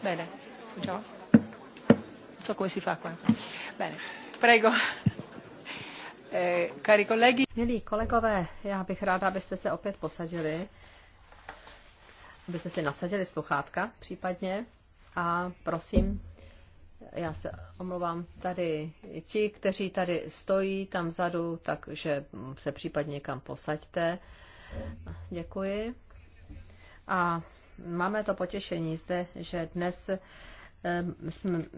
Bene, ciao. Non so come si fa qua. Bene, prego. Eh, cari colleghi. Milí kolegové, já bych ráda, abyste se opět posadili, abyste si nasadili sluchátka případně a prosím, já se omlouvám, tady ti, kteří tady stojí tam vzadu, takže se případně někam posaďte. Děkuji. A máme to potěšení zde, že dnes eh,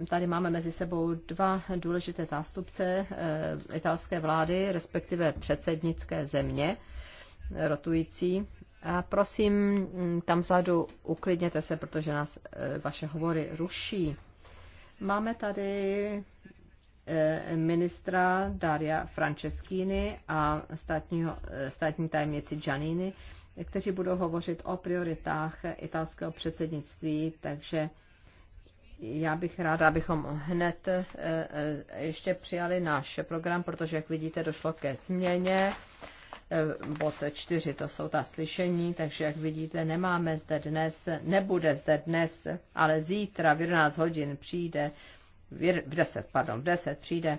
tady máme mezi sebou dva důležité zástupce eh, italské vlády, respektive předsednické země rotující. A prosím, mm, tam vzadu uklidněte se, protože nás eh, vaše hovory ruší. Máme tady eh, ministra Daria Franceschini a státního, eh, státní tajemnici Giannini, kteří budou hovořit o prioritách italského předsednictví, takže já bych ráda, abychom hned eh, ještě přijali náš program, protože, jak vidíte, došlo ke změně Eh, bod 4, to jsou ta slyšení, takže jak vidíte, nemáme zde dnes, nebude zde dnes, ale zítra v 11 hodin přijde, v 10, pardon, v 10 přijde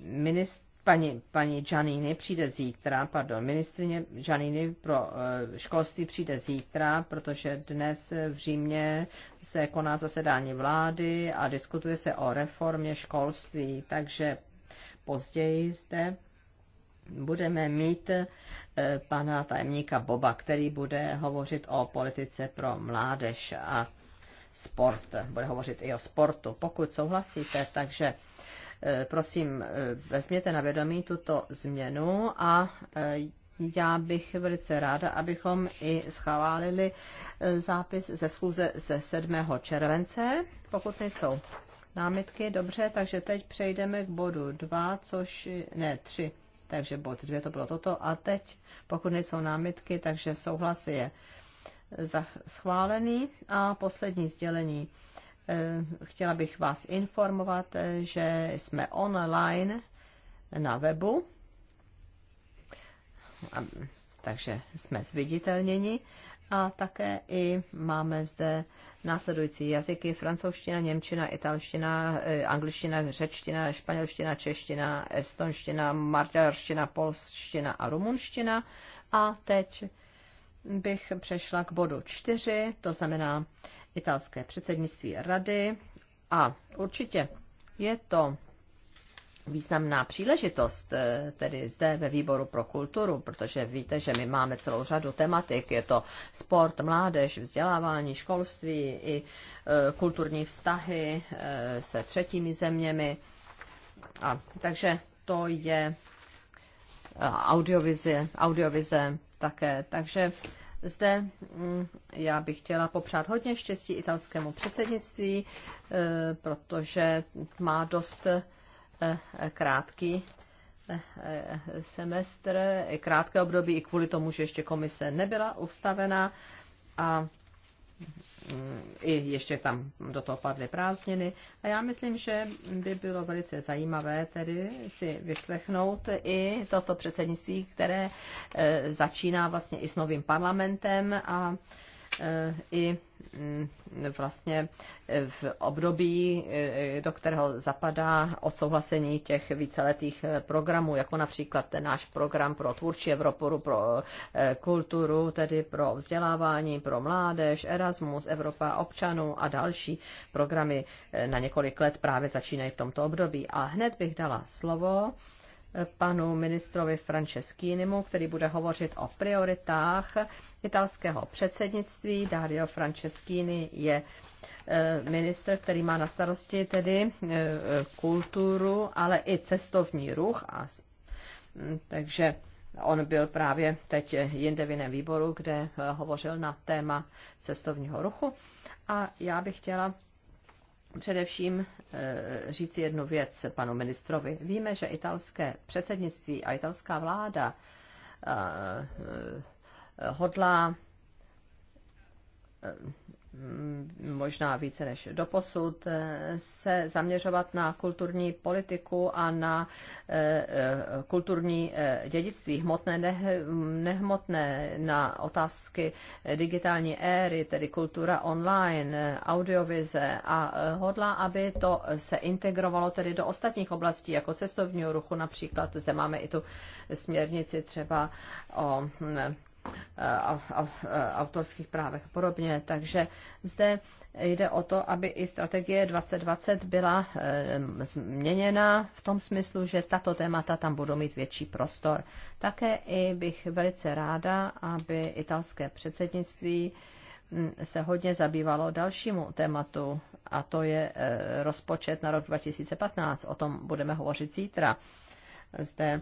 ministr, paní, paní Janiny přijde zítra, pardon, ministrině Janiny pro eh, školství přijde zítra, protože dnes v Římě se koná zasedání vlády a diskutuje se o reformě školství, takže později zde budeme mít eh, pana tajemníka Boba, který bude hovořit o politice pro mládež a sport. Bude hovořit i o sportu. Pokud souhlasíte, takže eh, prosím, eh, vezměte na vědomí tuto změnu a já bych velice ráda, abychom i schválili zápis ze schůze ze 7. července, pokud nejsou námitky. Dobře, takže teď přejdeme k bodu 2, což ne 3 takže bod dvě to bylo toto. A teď, pokud nejsou námitky, takže souhlas je schválený. A poslední sdělení. Eh, chtěla bych vás informovat, eh, že jsme online na webu, takže jsme zviditelněni a také i máme zde následující jazyky, francouzština, němčina, italština, eh, angličtina, řečtina, španělština, čeština, estonština, maďarština, polština a rumunština. A teď bych přešla k bodu čtyři, to znamená italské předsednictví rady. A určitě je to významná příležitost, eh, tedy zde ve výboru pro kulturu, protože víte, že my máme celou řadu tematik, je to sport, mládež, vzdělávání, školství i eh, kulturní vztahy eh, se třetími zeměmi. A, takže to je audiovize, audiovize také. Takže zde mm, já bych chtěla popřát hodně štěstí italskému předsednictví, protože má dost Eh, krátký eh, eh, semestr, krátké období i kvůli tomu, že ještě komise nebyla ustavená a mm, i ještě tam do toho padly prázdniny. A já myslím, že by bylo velice zajímavé tedy si vyslechnout i toto předsednictví, které začíná vlastně i s novým parlamentem a i mm, vlastně v období, e, do kterého zapadá odsouhlasení těch víceletých e, programů, jako například ten náš program pro tvůrčí Evropu, pro e, kulturu, tedy pro vzdělávání, pro mládež, Erasmus, Evropa občanů a další programy na několik let právě začínají v tomto období. A hned bych dala slovo panu ministrovi Franceschinimu, který bude hovořit o prioritách italského předsednictví. Dario Franceschini je eh, ministr, který má na starosti tedy eh, kulturu, ale i cestovní ruch. A, takže on byl právě teď jinde v jiném výboru, kde eh, hovořil na téma cestovního ruchu. A já bych chtěla především eh, říci jednu věc panu ministrovi. Víme, že italské předsednictví a italská vláda eh, eh, hodlá Eh, možná více než doposud, eh, se zaměřovat na kulturní politiku a na eh, kulturní dědictví, hmotné, nehmotné, na otázky digitální éry, tedy kultura online, audiovize a hodla, aby to se integrovalo tedy do ostatních oblastí, jako cestovního ruchu například. Zde máme i tu směrnici třeba o Eh, eh, autorských právech a podobně. Takže zde jde o to, aby i strategie 2020 byla eh, změněna v tom smyslu, že tato témata tam budou mít větší prostor. Také i bych velice ráda, aby italské předsednictví hm, se hodně zabývalo dalšímu tématu, a to je rozpočet na rok 2015. O tom budeme hovořit zítra. Zde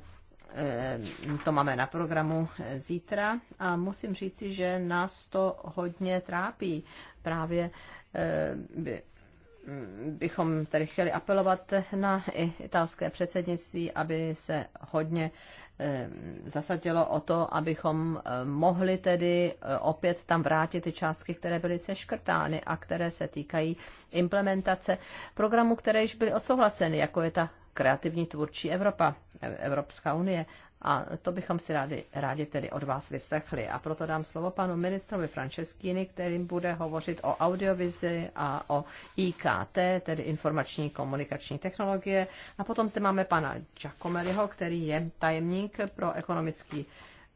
Ehm, to máme na programu eh, zítra a musím říci, že nás to hodně trápí. Právě ehm, by, mm, bychom tady chtěli apelovat na italské předsednictví, aby se hodně ehm, zasadilo o to, abychom eh, mohli tedy eh, opět tam vrátit ty částky, které byly seškrtány a které se týkají implementace programů, které již byly odsouhlaseny, jako je ta kreativní tvůrčí Evropa, Evropská unie. A to bychom si rádi, rádi tedy od vás vyslechli. A proto dám slovo panu ministrovi Franceschini, kterým bude hovořit o audiovizi a o IKT, tedy informační komunikační technologie. A potom zde máme pana Giacomelliho, který je tajemník pro ekonomický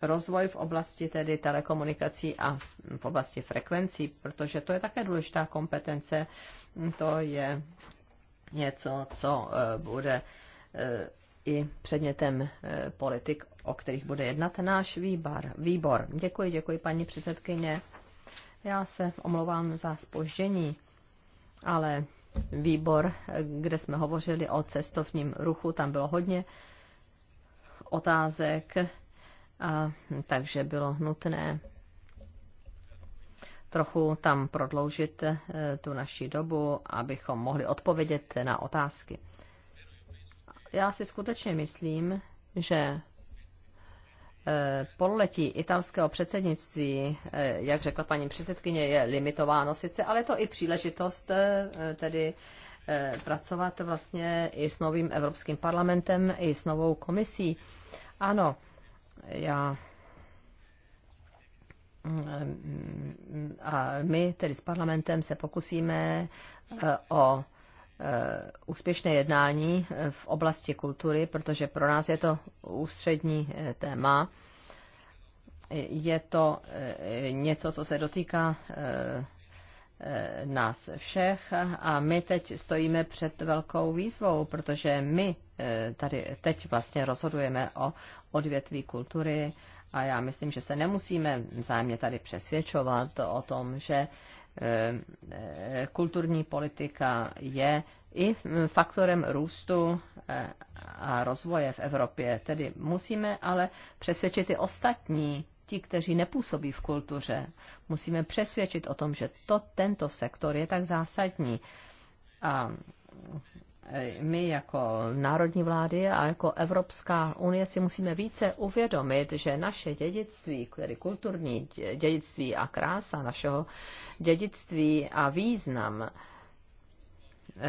rozvoj v oblasti tedy telekomunikací a v oblasti frekvencí, protože to je také důležitá kompetence. To je něco, co e, bude e, i předmětem e, politik, o kterých bude jednat náš výbor. výbor. Děkuji, děkuji paní předsedkyně. Já se omlouvám za spoždění, ale výbor, kde jsme hovořili o cestovním ruchu, tam bylo hodně otázek, a, takže bylo nutné trochu tam prodloužit eh, tu naši dobu, abychom mohli odpovědět na otázky. Já si skutečně myslím, že eh, pololetí italského předsednictví, eh, jak řekla paní předsedkyně, je limitováno sice, ale je to i příležitost tedy pracovat vlastně i s novým Evropským parlamentem, i s novou komisí. Ano, já a my tedy s parlamentem se pokusíme eh, o eh, úspěšné jednání eh, v oblasti kultury, protože pro nás je to ústřední téma. Je to něco, co se dotýká nás všech a my teď stojíme před velkou výzvou, protože my tady teď vlastně rozhodujeme o odvětví kultury a já myslím, že se nemusíme vzájemně tady přesvědčovat o tom, že eh, eh, kulturní politika je i faktorem růstu eh, a rozvoje v Evropě. Tedy musíme ale přesvědčit i ostatní, ti, kteří nepůsobí v kultuře. Musíme přesvědčit o tom, že to, tento sektor je tak zásadní. A my jako národní vlády a jako Evropská unie si musíme více uvědomit, že naše dědictví, tedy kulturní dědictví a krása našeho dědictví a význam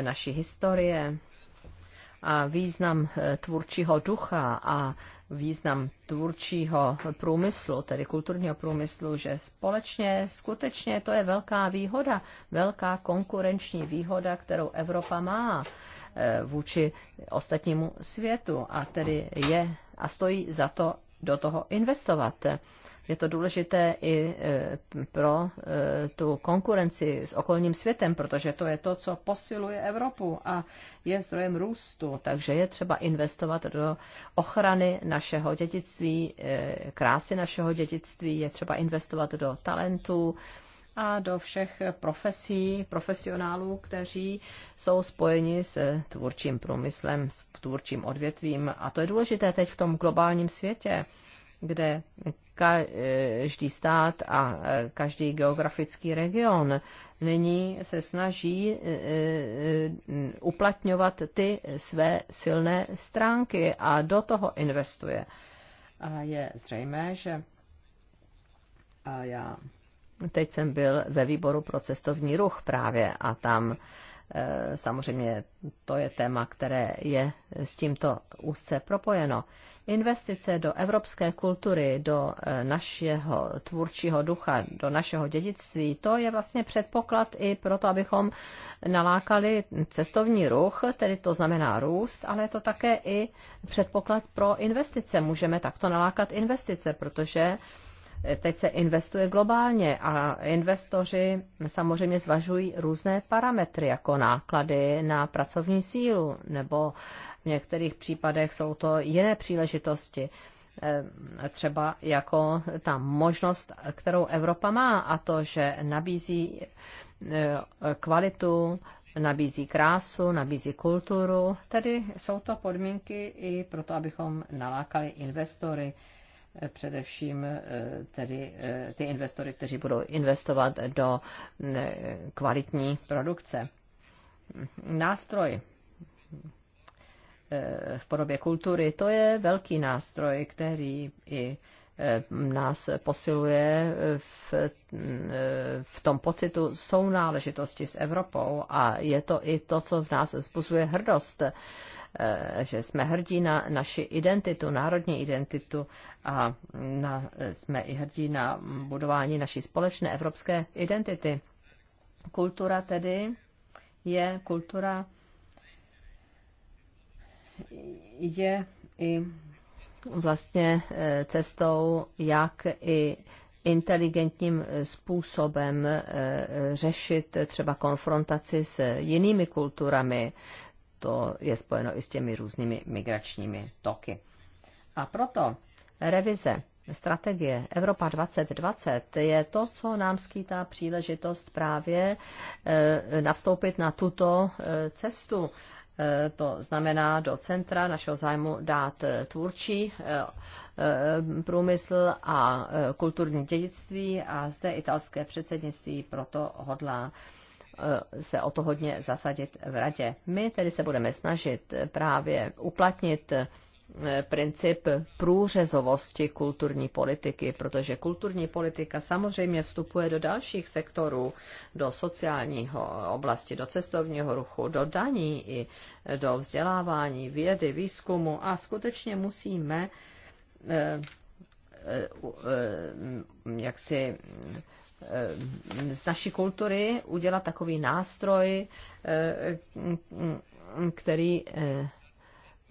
naší historie a význam eh, tvůrčího ducha a význam tvůrčího průmyslu, tedy kulturního průmyslu, že společně skutečně to je velká výhoda, velká konkurenční výhoda, kterou Evropa má vůči ostatnímu světu a tedy je a stojí za to do toho investovat. Je to důležité i e, pro e, tu konkurenci s okolním světem, protože to je to, co posiluje Evropu a je zdrojem růstu. Takže je třeba investovat do ochrany našeho dědictví, e, krásy našeho dědictví, je třeba investovat do talentů, a do všech profesí, profesionálů, kteří jsou spojeni s tvůrčím průmyslem, s tvůrčím odvětvím. A to je důležité teď v tom globálním světě, kde každý stát a každý geografický region nyní se snaží e, e, uplatňovat ty své silné stránky a do toho investuje. A je zřejmé, že a já Teď jsem byl ve výboru pro cestovní ruch právě a tam e, samozřejmě to je téma, které je s tímto úzce propojeno. Investice do evropské kultury, do e, našeho tvůrčího ducha, do našeho dědictví, to je vlastně předpoklad i pro to, abychom nalákali cestovní ruch, tedy to znamená růst, ale je to také i předpoklad pro investice. Můžeme takto nalákat investice, protože teď se investuje globálně a investoři samozřejmě zvažují různé parametry, jako náklady na pracovní sílu, nebo v některých případech jsou to jiné příležitosti eh, třeba jako ta možnost, kterou Evropa má a to, že nabízí eh, kvalitu, nabízí krásu, nabízí kulturu. Tedy jsou to podmínky i pro to, abychom nalákali investory především eh, tedy eh, ty investory, kteří budou investovat do mm, kvalitní produkce. Nástroj eh, v podobě kultury, to je velký nástroj, který i nás posiluje v, v tom pocitu sounáležitosti s Evropou a je to i to, co v nás způsobuje hrdost Eh, že jsme hrdí na naši identitu, národní identitu a na, jsme i hrdí na budování naší společné evropské identity. Kultura tedy je kultura je i vlastně eh, cestou, jak i inteligentním způsobem eh, řešit třeba konfrontaci s jinými kulturami, to je spojeno i s těmi různými migračními toky. A proto revize strategie Evropa 2020 je to, co nám skýtá příležitost právě eh, nastoupit na tuto eh, cestu. Eh, to znamená do centra našeho zájmu dát tvůrčí průmysl a kulturní dědictví a zde italské předsednictví proto hodlá Eh, se o to hodně zasadit v radě. My tedy se budeme snažit právě uplatnit eh, princip průřezovosti kulturní politiky, protože kulturní politika samozřejmě vstupuje do dalších sektorů, do sociálního oblasti, do cestovního ruchu, do daní i do vzdělávání, vědy, výzkumu a skutečně musíme eh, jak si z naší kultury udělat takový nástroj, eh, mm, který eh,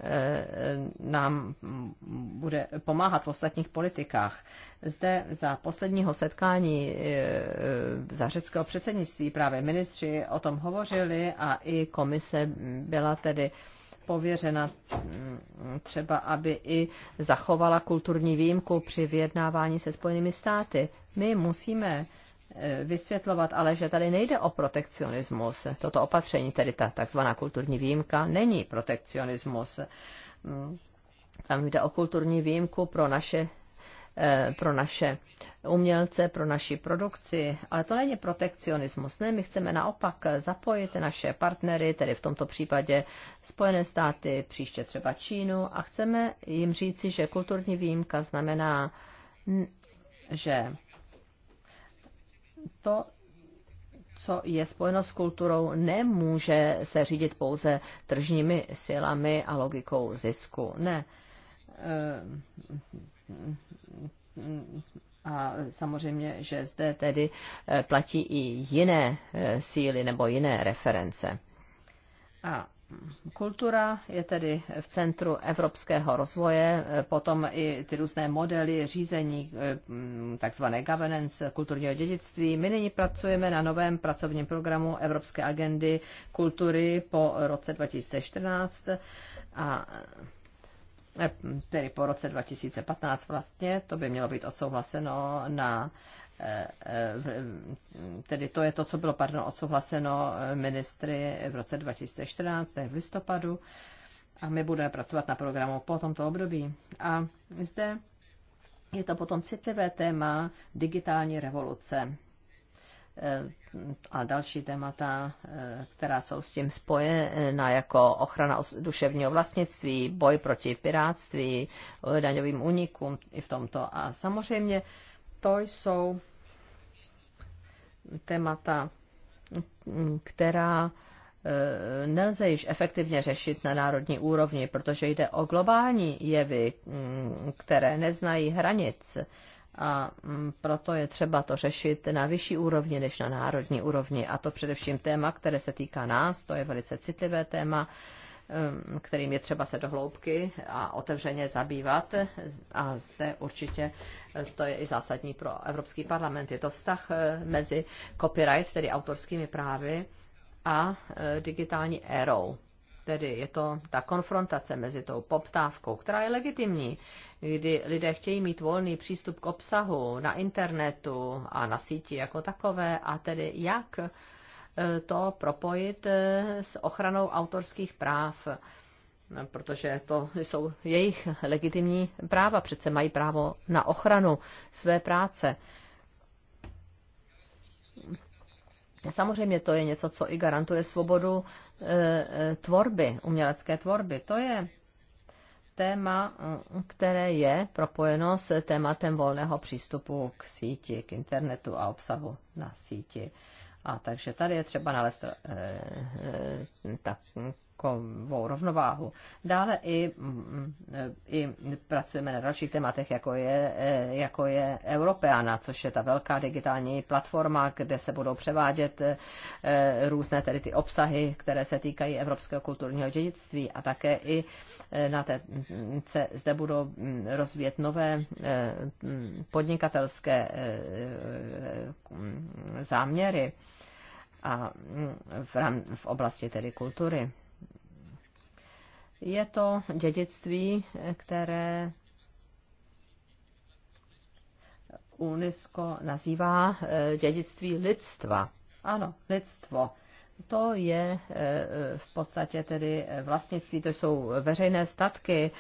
eh, nám bude pomáhat v ostatních politikách. Zde za posledního setkání za řeckého předsednictví právě ministři o tom hovořili a i komise byla tedy pověřena mm, třeba, aby i zachovala kulturní výjimku při vyjednávání se Spojenými státy. My musíme e, vysvětlovat, ale že tady nejde o protekcionismus. Toto opatření, tedy ta takzvaná kulturní výjimka, není protekcionismus. Mm, tam jde o kulturní výjimku pro naše e, pro naše umělce, pro naši produkci, ale to není protekcionismus. Ne, my chceme naopak zapojit naše partnery, tedy v tomto případě Spojené státy, příště třeba Čínu a chceme jim říci, že kulturní výjimka znamená, že to, co je spojeno s kulturou, nemůže se řídit pouze tržními silami a logikou zisku. Ne. Eh, a samozřejmě, že zde tedy eh, platí i jiné eh, síly nebo jiné reference. A Kultura je tedy v centru evropského rozvoje, potom i ty různé modely řízení, eh, takzvané governance kulturního dědictví. My nyní pracujeme na novém pracovním programu Evropské agendy kultury po roce 2014 a eh, tedy po roce 2015 vlastně, to by mělo být odsouhlaseno na tedy to je to, co bylo pardon, odsouhlaseno ministry v roce 2014, to je v listopadu, a my budeme pracovat na programu po tomto období. A zde je to potom citlivé téma digitální revoluce e, a další témata, e, která jsou s tím spojená, jako ochrana duševního vlastnictví, boj proti pirátství, e, daňovým únikům i v tomto. A samozřejmě to jsou témata, která e, nelze již efektivně řešit na národní úrovni, protože jde o globální jevy, mm, které neznají hranic a mm, proto je třeba to řešit na vyšší úrovni než na národní úrovni. A to především téma, které se týká nás, to je velice citlivé téma, Eh, kterým je třeba se dohloubky a otevřeně zabývat. A zde určitě eh, to je i zásadní pro Evropský parlament. Je to vztah eh, mezi copyright, tedy autorskými právy, a digitální érou. Tedy je to ta konfrontace mezi tou poptávkou, která je legitimní, kdy lidé chtějí mít volný přístup k obsahu na internetu a na síti jako takové, a tedy jak to propojit eh, s ochranou autorských práv, protože to jsou jejich legitimní práva, přece mají právo na ochranu své práce. Samozřejmě to je něco, co i garantuje svobodu eh, eh, tvorby, umělecké tvorby. To je téma, které je propojeno s tématem volného přístupu k síti, k internetu a obsahu na síti. A takže tady je třeba nalézt e, takovou rovnováhu. Dále i, mm, i pracujeme na dalších tématech, jako je, eh, jako je Europeana, což je ta velká digitální platforma, kde se budou převádět různé tedy ty obsahy, které se týkají evropského kulturního dědictví a také i na té, mm, se zde budou mm, rozvíjet nové podnikatelské záměry a mm, v, v oblasti tedy kultury. Je to dědictví, které UNESCO nazývá eh, dědictví lidstva. Ano, lidstvo to je eh, eh, v podstatě tedy eh, vlastnictví, to jsou veřejné statky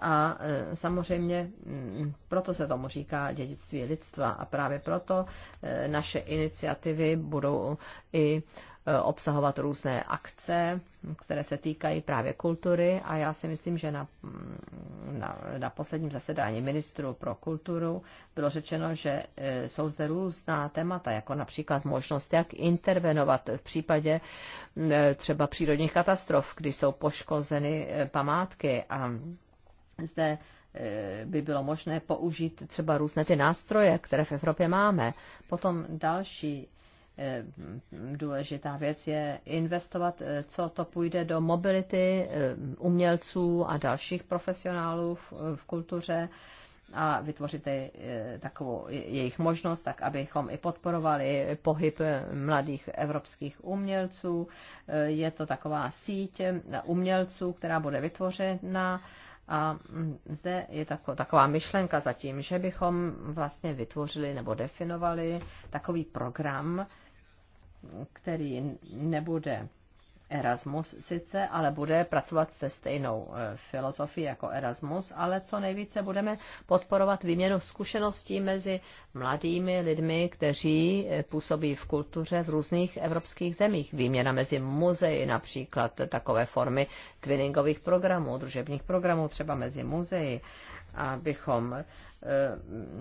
a samozřejmě mm, proto se tomu říká dědictví lidstva a právě proto naše iniciativy budou i E, obsahovat různé akce, které se týkají právě kultury a já si myslím, že na, mm, na, na posledním zasedání ministru pro kulturu bylo řečeno, že e, jsou zde různá témata, jako například možnost, jak intervenovat v případě e, třeba přírodních katastrof, kdy jsou poškozeny památky a zde by bylo možné použít třeba různé ty nástroje, které v Evropě máme. Potom další Eh, důležitá věc je investovat, eh, co to půjde do mobility eh, umělců a dalších profesionálů v, v kultuře a vytvořit takovou jejich možnost, tak abychom i podporovali pohyb mladých evropských umělců. Je to taková síť umělců, která bude vytvořena a hm, zde je taková myšlenka zatím, že bychom vlastně vytvořili nebo definovali takový program, který nebude Erasmus sice, ale bude pracovat se stejnou eh, filozofií jako Erasmus, ale co nejvíce budeme podporovat výměnu zkušeností mezi mladými lidmi, kteří eh, působí v kultuře v různých evropských zemích. Výměna mezi muzeji, například takové formy twinningových programů, družebních programů třeba mezi muzeji, abychom, eh,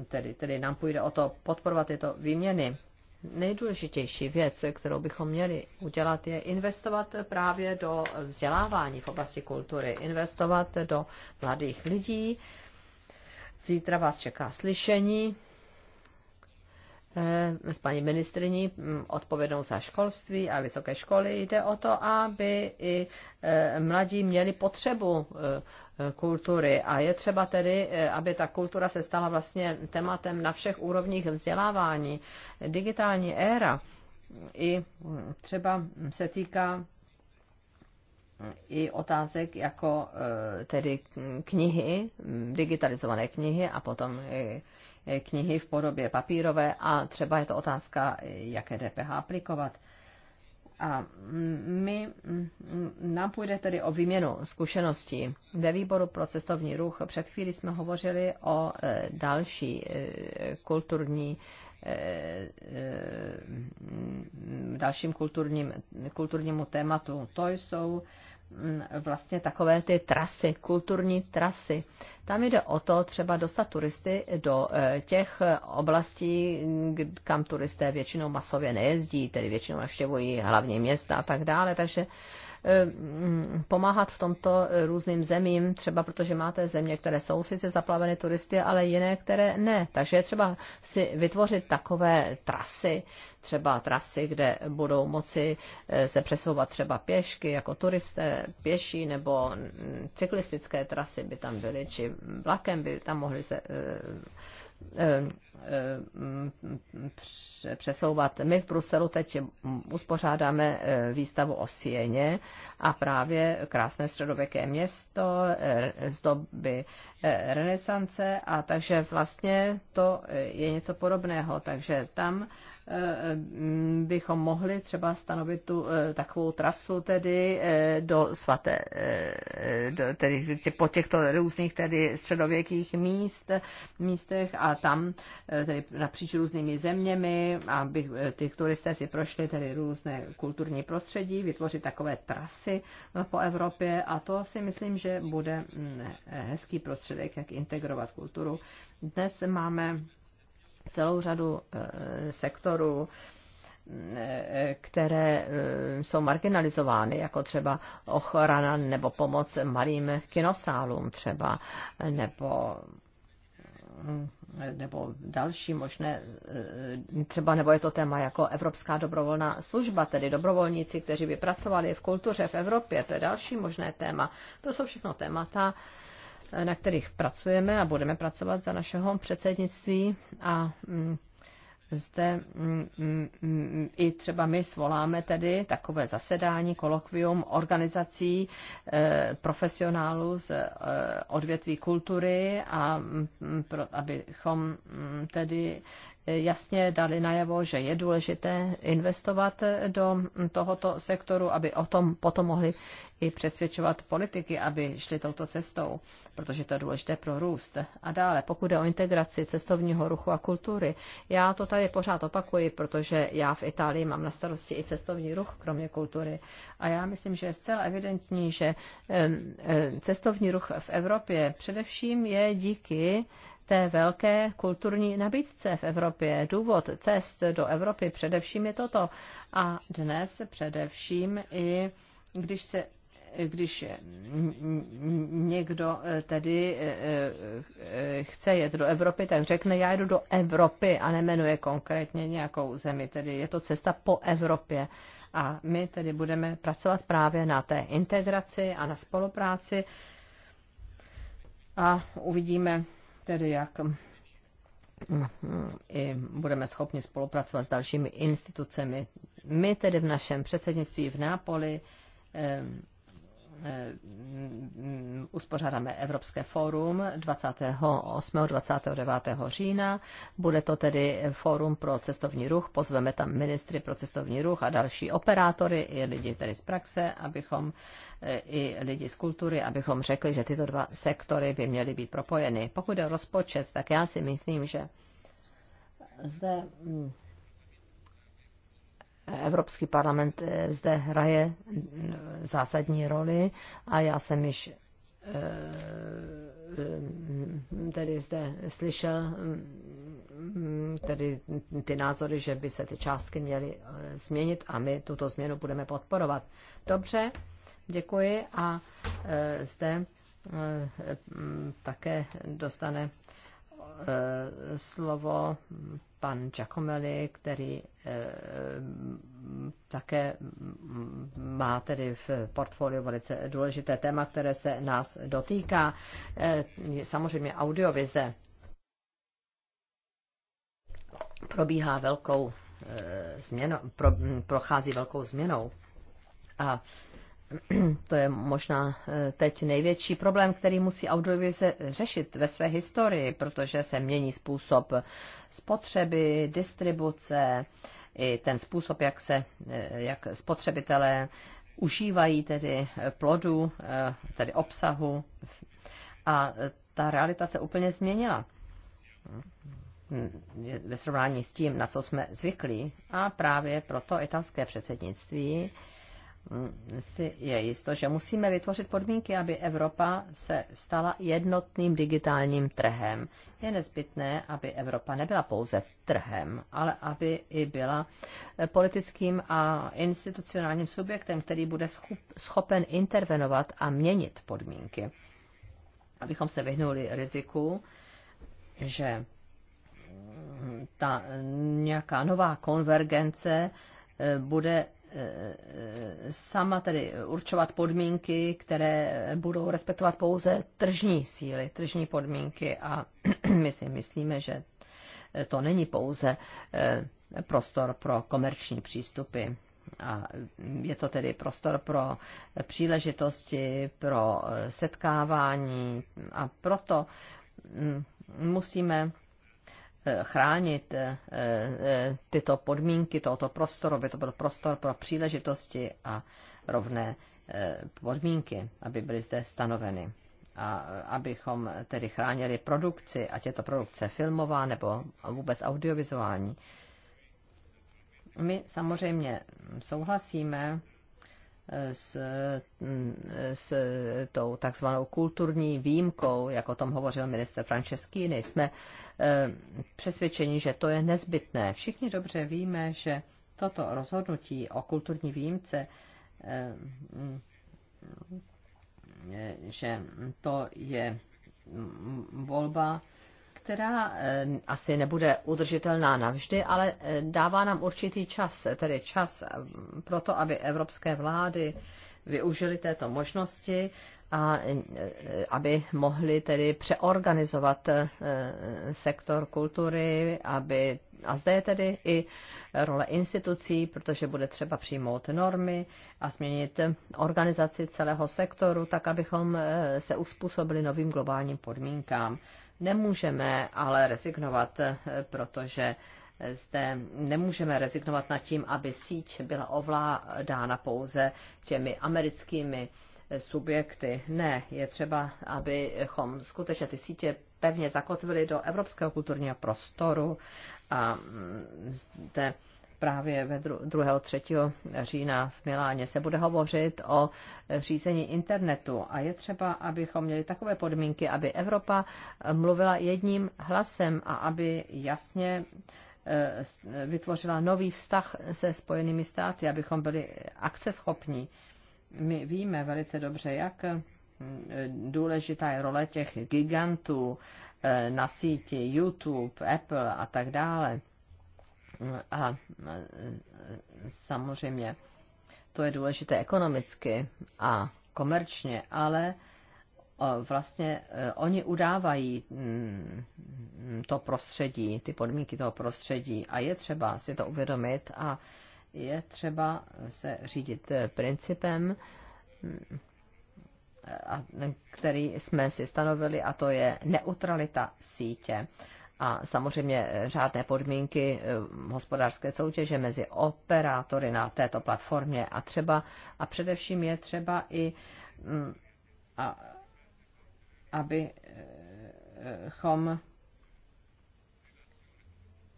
tedy, tedy nám půjde o to podporovat tyto výměny nejdůležitější věc, kterou bychom měli udělat, je investovat právě do vzdělávání v oblasti kultury, investovat do mladých lidí. Zítra vás čeká slyšení eh, s paní ministriní mm, odpovědnou za školství a vysoké školy. Jde o to, aby i eh, mladí měli potřebu eh, kultury. A je třeba tedy, eh, aby ta kultura se stala vlastně tématem na všech úrovních vzdělávání. Digitální éra i třeba se týká eh, i otázek jako eh, tedy knihy, digitalizované knihy a potom i knihy v podobě papírové a třeba je to otázka, jaké DPH aplikovat. A my, mm, mm, nám půjde tedy o výměnu zkušeností. Ve výboru pro cestovní ruch před chvíli jsme hovořili o e, další e, kulturní e, dalším kulturním, kulturnímu tématu. To jsou vlastně takové ty trasy, kulturní trasy. Tam jde o to třeba dostat turisty do e, těch e, oblastí, kam turisté většinou masově nejezdí, tedy většinou navštěvují hlavně města a tak dále, takže Eh, pomáhat v tomto různým zemím, třeba protože máte země, které jsou sice zaplaveny turisty, ale jiné, které ne. Takže je třeba si vytvořit takové trasy, třeba trasy, kde budou moci eh, se přesouvat třeba pěšky, jako turisté pěší, nebo cyklistické trasy by tam byly, či vlakem by tam mohly se eh, Eh, mm, přesouvat. My v Bruselu teď uspořádáme eh, výstavu o Sieně a právě krásné středověké město eh, z doby renesance a takže vlastně to je něco podobného, takže tam mm, bychom mohli třeba stanovit tu takovou trasu tedy do svaté, do, tedy po těchto různých tedy středověkých míst, místech a tam Eh, tedy napříč různými zeměmi, aby eh, ty turisté si prošli tedy různé kulturní prostředí, vytvořit takové trasy eh, po Evropě a to si myslím, že bude mm, hezký prostředek, jak integrovat kulturu. Dnes máme celou řadu sektorů, mm, které jsou marginalizovány, jako třeba ochrana nebo pomoc malým kinosálům třeba, nebo Eh, nebo další možné, eh, třeba nebo je to téma jako Evropská dobrovolná služba, tedy dobrovolníci, kteří by pracovali v kultuře v Evropě, to je další možné téma. To jsou všechno témata, eh, na kterých pracujeme a budeme pracovat za našeho předsednictví a mm, zde mm, mm, mm, i třeba my svoláme tedy takové zasedání, kolokvium organizací eh, profesionálů z eh, odvětví kultury a abychom tedy jasně dali najevo, že je důležité investovat do tohoto sektoru, aby o tom potom mohli i přesvědčovat politiky, aby šli touto cestou, protože to je důležité pro růst. A dále, pokud je o integraci cestovního ruchu a kultury, já to tady pořád opakuji, protože já v Itálii mám na starosti i cestovní ruch, kromě kultury. A já myslím, že je zcela evidentní, že eh, eh, cestovní ruch v Evropě především je díky té velké kulturní nabídce v Evropě. Důvod cest do Evropy především je toto. A dnes především i když se když někdo eh, tedy eh, eh, chce jet do Evropy, tak řekne, já jdu do Evropy a nemenuje konkrétně nějakou zemi. Tedy je to cesta po Evropě. A my tedy budeme pracovat právě na té integraci a na spolupráci a uvidíme, tedy jak mm, i budeme schopni spolupracovat s dalšími institucemi. My tedy v našem předsednictví v Nápoli Eh, uspořádáme Evropské fórum 28. 29. října. Bude to tedy fórum pro cestovní ruch. Pozveme tam ministry pro cestovní ruch a další operátory, i lidi tedy z praxe, abychom eh, i lidi z kultury, abychom řekli, že tyto dva sektory by měly být propojeny. Pokud je o rozpočet, tak já si myslím, že zde hm, Evropský parlament eh, zde hraje mm, zásadní roli a já jsem již eh, mm, tedy zde slyšel mm, tedy ty názory, že by se ty částky měly eh, změnit a my tuto změnu budeme podporovat. Dobře, děkuji a zde také dostane Eh, slovo pan Giacomelli, který eh, také má tedy v portfoliu velice důležité téma, které se nás dotýká. Eh, samozřejmě audiovize probíhá velkou změnou, prochází velkou změnou. A to je možná eh, teď největší problém, který musí audiovize řešit ve své historii, protože se mění způsob spotřeby, distribuce, i ten způsob, jak se, eh, jak spotřebitelé užívají tedy plodu, eh, tedy obsahu. A ta realita se úplně změnila ve srovnání s tím, na co jsme zvyklí. A právě proto italské předsednictví Mm, si je jisto, že musíme vytvořit podmínky, aby Evropa se stala jednotným digitálním trhem. Je nezbytné, aby Evropa nebyla pouze trhem, ale aby i byla eh, politickým a institucionálním subjektem, který bude schopen intervenovat a měnit podmínky. Abychom se vyhnuli riziku, že mm, ta nějaká nová konvergence eh, bude sama tedy určovat podmínky, které budou respektovat pouze tržní síly, tržní podmínky a my si myslíme, že to není pouze eh, prostor pro komerční přístupy. A je to tedy prostor pro příležitosti, pro eh, setkávání a proto mm, musíme Eh, chránit eh, eh, tyto podmínky tohoto prostoru, aby to byl prostor pro příležitosti a rovné podmínky, aby byly zde stanoveny. A abychom tedy chránili produkci, ať je to produkce filmová nebo vůbec audiovizuální. My samozřejmě souhlasíme s, s tou takzvanou kulturní výjimkou, jak o tom hovořil minister Franceský, nejsme eh, přesvědčeni, že to je nezbytné. Všichni dobře víme, že toto rozhodnutí o kulturní výjimce eh, že to je volba která eh, asi nebude udržitelná navždy, ale eh, dává nám určitý čas, tedy čas mm, pro to, aby evropské vlády využili této možnosti a eh, aby mohli tedy přeorganizovat sektor kultury, aby a zde je tedy i role institucí, protože bude třeba přijmout normy a změnit organizaci celého sektoru, tak abychom se uspůsobili novým globálním podmínkám. Nemůžeme ale rezignovat, protože zde nemůžeme rezignovat nad tím, aby síť byla ovládána pouze těmi americkými subjekty. Ne, je třeba, abychom skutečně ty sítě pevně zakotvili do evropského kulturního prostoru a zde právě ve 2. 3. října v Miláně se bude hovořit o řízení internetu a je třeba, abychom měli takové podmínky, aby Evropa eh, mluvila jedním hlasem a aby jasně eh, vytvořila nový vztah se Spojenými státy, abychom byli akceschopní. My víme velice dobře, jak hm, důležitá je role těch gigantů eh, na síti YouTube, Apple a tak dále a samozřejmě to je důležité ekonomicky a komerčně, ale vlastně e, oni udávají mm, to prostředí, ty podmínky toho prostředí a je třeba si to uvědomit a je třeba se řídit principem, mm, který jsme si stanovili, a to je neutralita sítě a samozřejmě eh, řádné podmínky eh, hospodářské soutěže mezi operátory na této platformě a třeba a především je třeba i mm, a, abychom eh,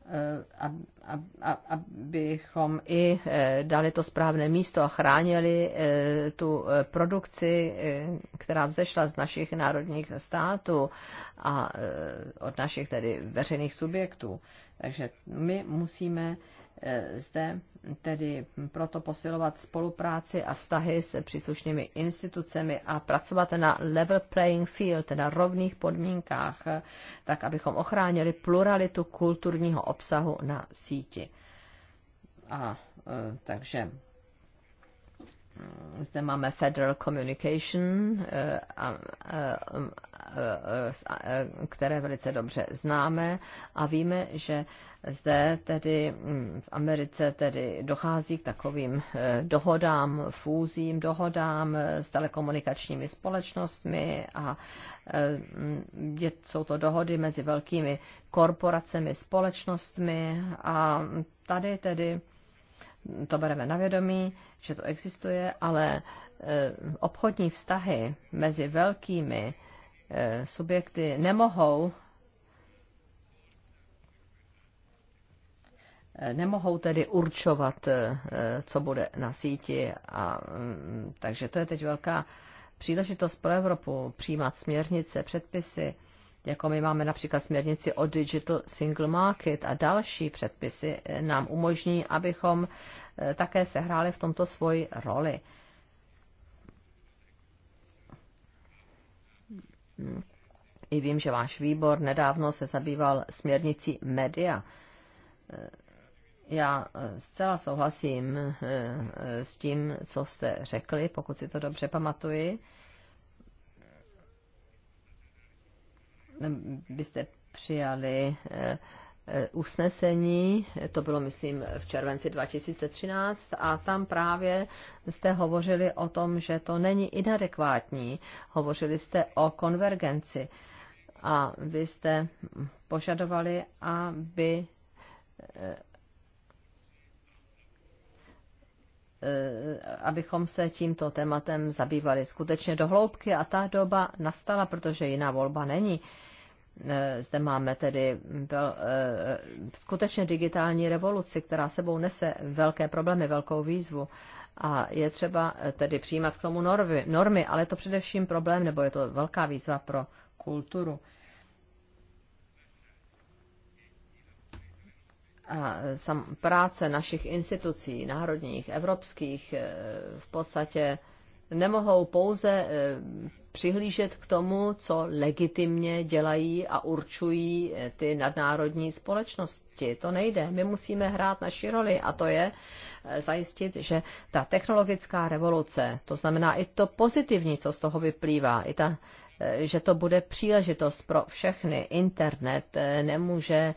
Eh, abychom i eh, dali to správné místo a chránili eh, tu produkci, která vzešla z našich národních států a od našich tedy veřejných subjektů. Takže my musíme Eh, zde tedy proto posilovat spolupráci a vztahy s příslušnými institucemi a pracovat na level playing field, na rovných podmínkách, tak abychom ochránili pluralitu kulturního obsahu na síti. A eh, takže zde máme Federal Communication, eh, eh, eh, které velice dobře známe a víme, že zde tedy mm, v Americe tedy dochází k takovým dohodám, fúzím, dohodám s telekomunikačními společnostmi a jsou to dohody mezi velkými korporacemi, společnostmi a tady tedy to bereme na vědomí, že to existuje, ale e, obchodní vztahy mezi velkými e, subjekty nemohou e, nemohou tedy určovat, co bude na síti. A, mm, takže to je teď velká příležitost pro Evropu přijímat směrnice, předpisy, jako my máme například směrnici o Digital Single Market a další předpisy nám umožní, abychom eh, také sehráli v tomto svoji roli. I vím, že váš výbor nedávno se zabýval směrnicí media. Eh, já eh, zcela souhlasím s tím, co jste řekli, pokud si to dobře pamatuji. byste přijali eh, eh, usnesení, to bylo myslím v červenci 2013, a tam právě jste hovořili o tom, že to není inadekvátní. Hovořili jste o konvergenci a vy jste požadovali, aby eh, abychom se tímto tématem zabývali skutečně do hloubky a ta doba nastala, protože jiná volba není. Eh, zde máme tedy mm, eh, skutečně digitální revoluci, která sebou nese velké problémy, velkou výzvu. A je třeba eh, tedy přijímat k tomu normy, normy, ale je to především problém, nebo je to velká výzva pro kulturu. A sam, práce našich institucí, národních, evropských, v podstatě nemohou pouze přihlížet k tomu, co legitimně dělají a určují eh, ty nadnárodní společnosti. To nejde. My musíme hrát naši roli a to je eh, zajistit, že ta technologická revoluce, to znamená i to pozitivní, co z toho vyplývá, i ta eh, že to bude příležitost pro všechny. Internet nemůže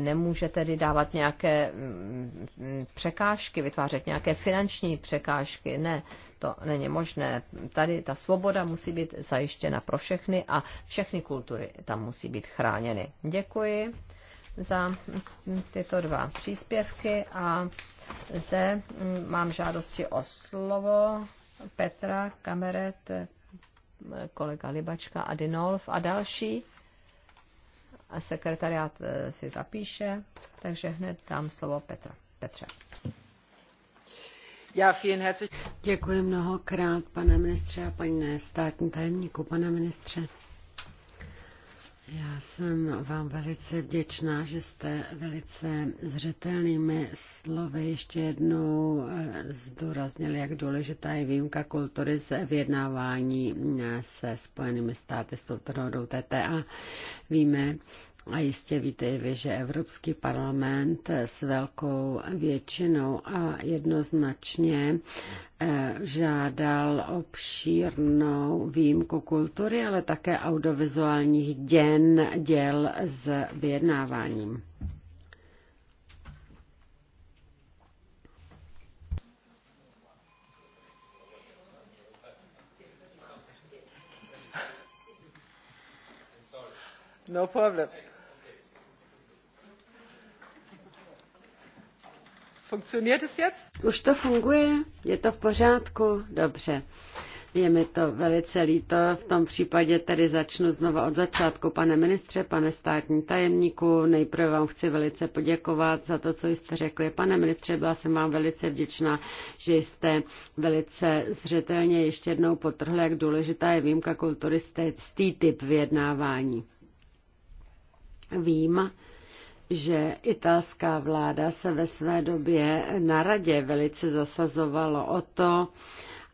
nemůže tedy dávat nějaké mm, překážky, vytvářet nějaké finanční překážky. Ne, to není možné. Tady ta svoboda musí být zajištěna pro všechny a všechny kultury tam musí být chráněny. Děkuji za tyto dva příspěvky a zde mm, mám žádosti o slovo Petra Kameret, kolega Libačka, Adinolf a další a sekretariát e, si zapíše, takže hned dám slovo Petra. Petře. Děkuji mnohokrát, pane ministře a paní státní tajemníku, pane ministře. Já jsem vám velice vděčná, že jste velice zřetelnými slovy ještě jednou eh, zdůraznili, jak důležitá je výjimka kultury z vyjednávání eh, se Spojenými státy s touto dohodou TTA. Víme, a jistě víte i vy, že Evropský parlament s velkou většinou a jednoznačně eh, žádal obšírnou výjimku kultury, ale také audiovizuálních děn děl s vyjednáváním. No problem. Funktioniert es jetzt? Už to funguje? Je to v pořádku? Dobře. Je mi to velice líto. V tom případě tedy začnu znova od začátku. Pane ministře, pane státní tajemníku, nejprve vám chci velice poděkovat za to, co jste řekli. Pane ministře, byla jsem vám velice vděčná, že jste velice zřetelně ještě jednou potrhli, jak důležitá je výjimka kultury z typ vyjednávání. Vím, že italská vláda se ve své době na radě velice zasazovala o to,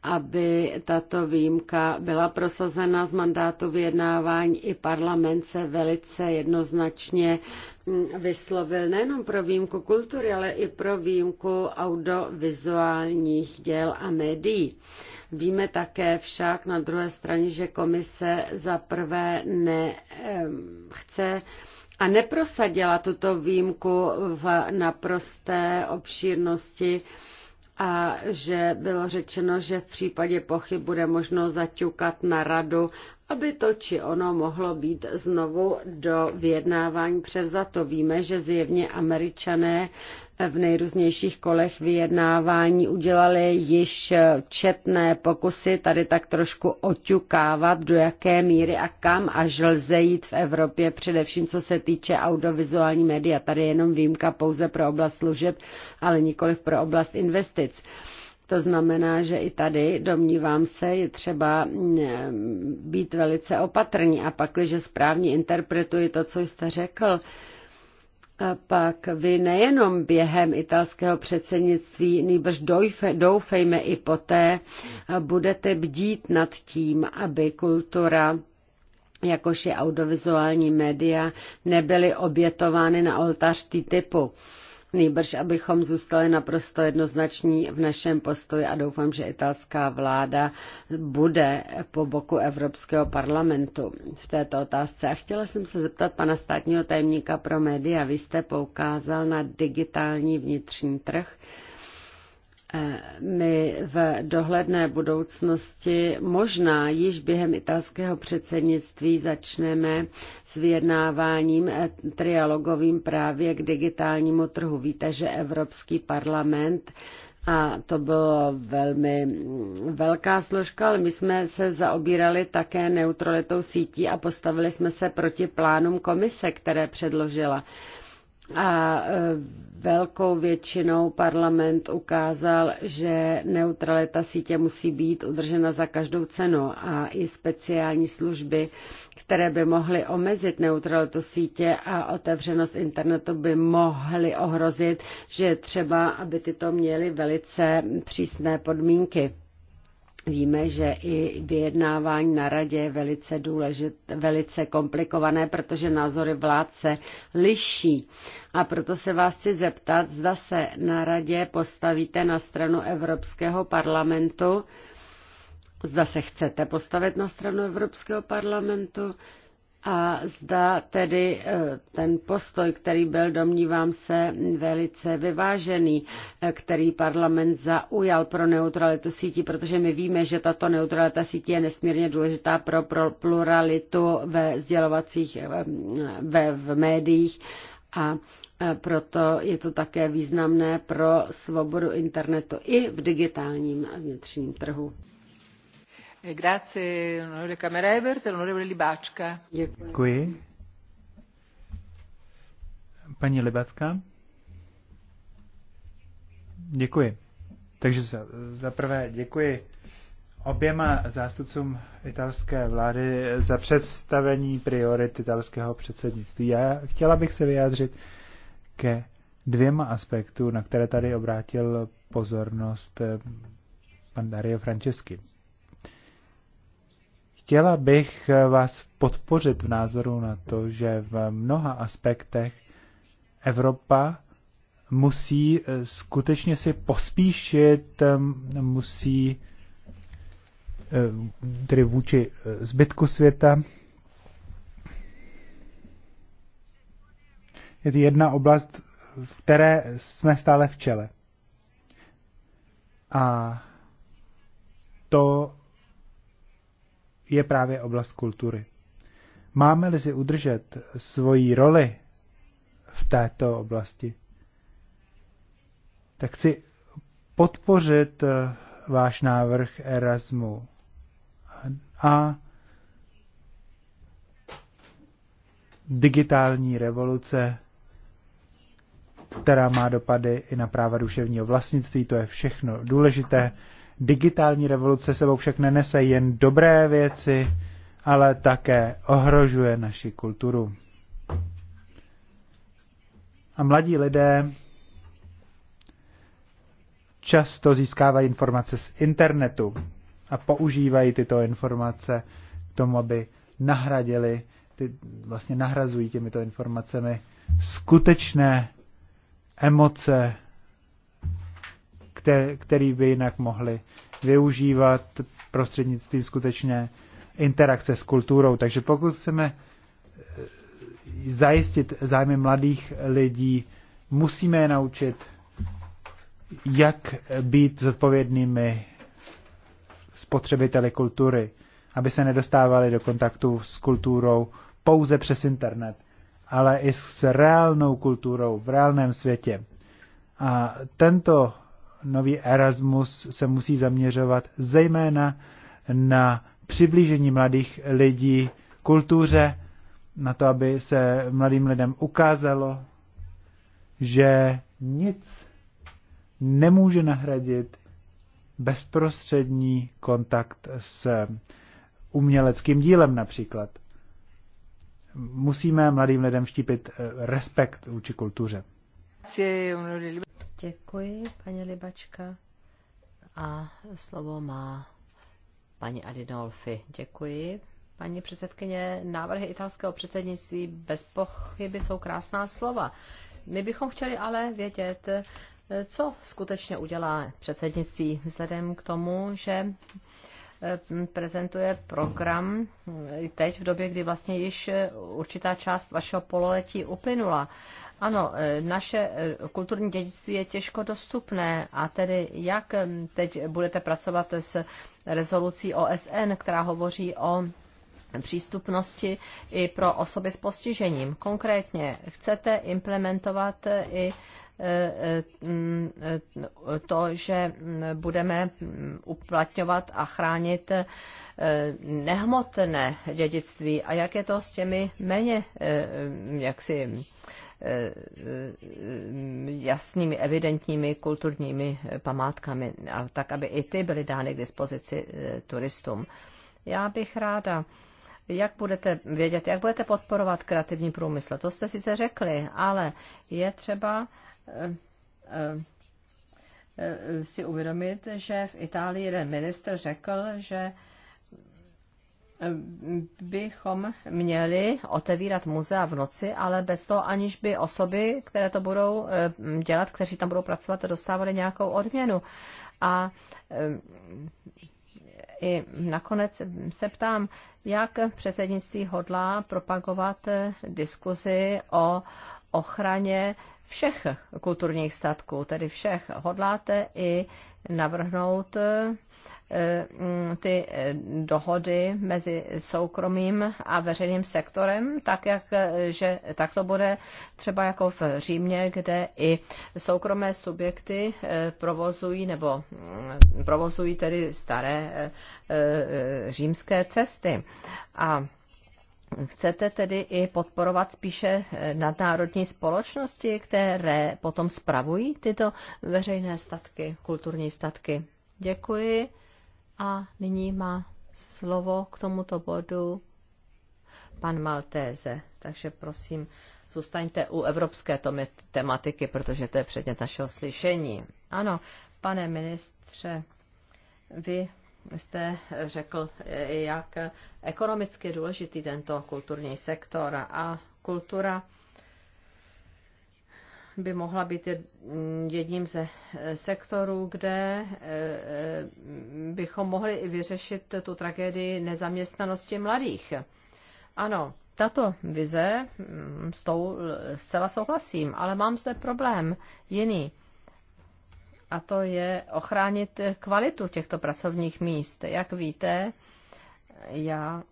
aby tato výjimka byla prosazena z mandátu vyjednávání. I parlament se velice jednoznačně mm, vyslovil nejenom pro výjimku kultury, ale i pro výjimku audiovizuálních děl a médií. Víme také však na druhé straně, že komise za prvé nechce eh, a neprosadila tuto výjimku v naprosté obšírnosti a že bylo řečeno, že v případě pochyb bude možno zaťukat na radu aby to či ono mohlo být znovu do vyjednávání převzato. Víme, že zjevně američané v nejrůznějších kolech vyjednávání udělali již četné pokusy tady tak trošku oťukávat, do jaké míry a kam až lze jít v Evropě, především co se týče audiovizuální média. Tady je jenom výjimka pouze pro oblast služeb, ale nikoli pro oblast investic. To znamená, že i tady, domnívám se, je třeba mm, být velice opatrní a pak, když správně interpretuji to, co jste řekl, a pak vy nejenom během italského předsednictví, nýbrž doufejme i poté, budete bdít nad tím, aby kultura jakož i audiovizuální média, nebyly obětovány na oltář typu nejbrž abychom zůstali naprosto jednoznační v našem postoji a doufám, že italská vláda bude po boku Evropského parlamentu v této otázce. A chtěla jsem se zeptat pana státního tajemníka pro média. Vy jste poukázal na digitální vnitřní trh. Eh, my v dohledné budoucnosti možná již během italského předsednictví začneme s vyjednáváním eh, trialogovým právě k digitálnímu trhu. Víte, že Evropský parlament a to bylo velmi mm, velká složka, ale my jsme se zaobírali také neutralitou sítí a postavili jsme se proti plánům komise, které předložila a e, velkou většinou parlament ukázal, že neutralita sítě musí být udržena za každou cenu a i speciální služby, které by mohly omezit neutralitu sítě a otevřenost internetu, by mohly ohrozit, že třeba, aby tyto měly velice přísné podmínky. Víme, že i vyjednávání na radě je velice, důležit, velice komplikované, protože názory vlád se liší. A proto se vás chci zeptat, zda se na radě postavíte na stranu Evropského parlamentu, zda se chcete postavit na stranu Evropského parlamentu, a zda tedy eh, ten postoj, který byl, domnívám se, velice vyvážený, eh, který parlament zaujal pro neutralitu sítí, protože my víme, že tato neutralita sítí je nesmírně důležitá pro, pro pluralitu ve sdělovacích, eh, ve, v médiích a proto je to také významné pro svobodu internetu i v digitálním vnitřním trhu. Eh, děkuji. Paní Libacka. Děkuji. Takže za, za prvé děkuji oběma zástupcům italské vlády za představení priorit italského předsednictví. Já chtěla bych se vyjádřit ke dvěma aspektům, na které tady obrátil pozornost eh, pan Dario Franceschi. Chtěla bych eh, vás podpořit v názoru na to, že v mnoha aspektech Evropa musí eh, skutečně si pospíšit, eh, musí tedy vůči zbytku světa. Je to jedna oblast, v které jsme stále v čele. A to je právě oblast kultury. Máme-li si udržet svoji roli v této oblasti, tak chci podpořit eh, váš návrh Erasmu a digitální revoluce, která má dopady i na práva duševního vlastnictví, to je všechno důležité. Digitální revoluce sebou však nenese jen dobré věci, ale také ohrožuje naši kulturu. A mladí lidé často získávají informace z internetu a používají tyto informace k tomu, aby nahradili, ty vlastně nahrazují těmito informacemi skutečné emoce který by jinak mohli využívat prostřednictvím skutečné interakce s kulturou. Takže pokud chceme eh, zajistit zájmy mladých lidí, musíme je naučit, jak být zodpovědnými spotřebiteli kultury, aby se nedostávali do kontaktu s kulturou pouze přes internet, ale i s reálnou kulturou v reálném světě. A tento nový Erasmus se musí zaměřovat zejména na přiblížení mladých lidí kultuře, na to, aby se mladým lidem ukázalo, že nic nemůže nahradit bezprostřední kontakt s uměleckým dílem například. Musíme mladým lidem štípit eh, respekt vůči kultuře. Děkuji, paní Libačka. A slovo má paní Adinolfi. Děkuji. Paní předsedkyně, návrhy italského předsednictví bez pochyby jsou krásná slova. My bychom chtěli ale vědět, co skutečně udělá předsednictví vzhledem k tomu, že eh, prezentuje program eh, teď v době, kdy vlastně již eh, určitá část vašeho pololetí uplynula. Ano, e, naše e, kulturní dědictví je těžko dostupné a tedy jak e, teď budete pracovat s rezolucí OSN, která hovoří o přístupnosti i pro osoby s postižením. Konkrétně chcete implementovat i to, že budeme uplatňovat a chránit nehmotné dědictví a jak je to s těmi méně jaksi Eh, eh, jasnými, evidentními kulturními památkami, a tak aby i ty byly dány k dispozici eh, turistům. Já bych ráda jak budete vědět, jak budete podporovat kreativní průmysl. To jste sice řekli, ale je třeba si uvědomit, že v Itálii jeden ministr řekl, že bychom měli otevírat muzea v noci, ale bez toho, aniž by osoby, které to budou eh, dělat, kteří tam budou pracovat, dostávali nějakou odměnu. A eh, i nakonec se ptám, jak předsednictví hodlá propagovat eh, diskuzi o ochraně všech kulturních statků, tedy všech. Hodláte i navrhnout E, ty e, dohody mezi soukromým a veřejným sektorem, tak, jak, e, že, tak to bude třeba jako v Římě, kde i soukromé subjekty provozují nebo provozují tedy staré římské cesty. A Chcete tedy i podporovat spíše nadnárodní společnosti, které potom spravují tyto veřejné statky, kulturní statky? Děkuji. A nyní má slovo k tomuto bodu pan Maltéze. Takže prosím, zůstaňte u evropské tematiky, protože to je předmět našeho slyšení. Ano, pane ministře, vy jste řekl, jak ekonomicky důležitý tento kulturní sektor a kultura by mohla být jedním ze eh, sektorů, kde eh, bychom mohli i vyřešit tu tragédii nezaměstnanosti mladých. Ano, tato vize mm, s tou eh, zcela souhlasím, ale mám zde problém jiný. A to je ochránit kvalitu těchto pracovních míst. Jak víte, já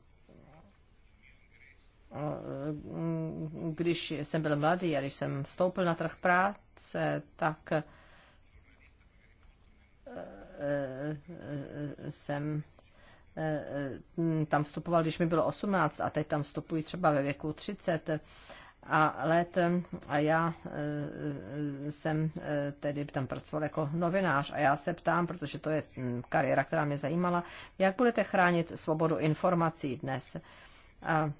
Mm, když jsem byl mladý a když jsem vstoupil na trh práce, tak e, e, jsem e, tam vstupoval, když mi bylo 18 a teď tam vstupuji třeba ve věku 30 a let a já jsem tedy tam pracoval jako novinář a já se ptám, protože to je kariéra, která mě zajímala, jak budete chránit svobodu informací dnes. A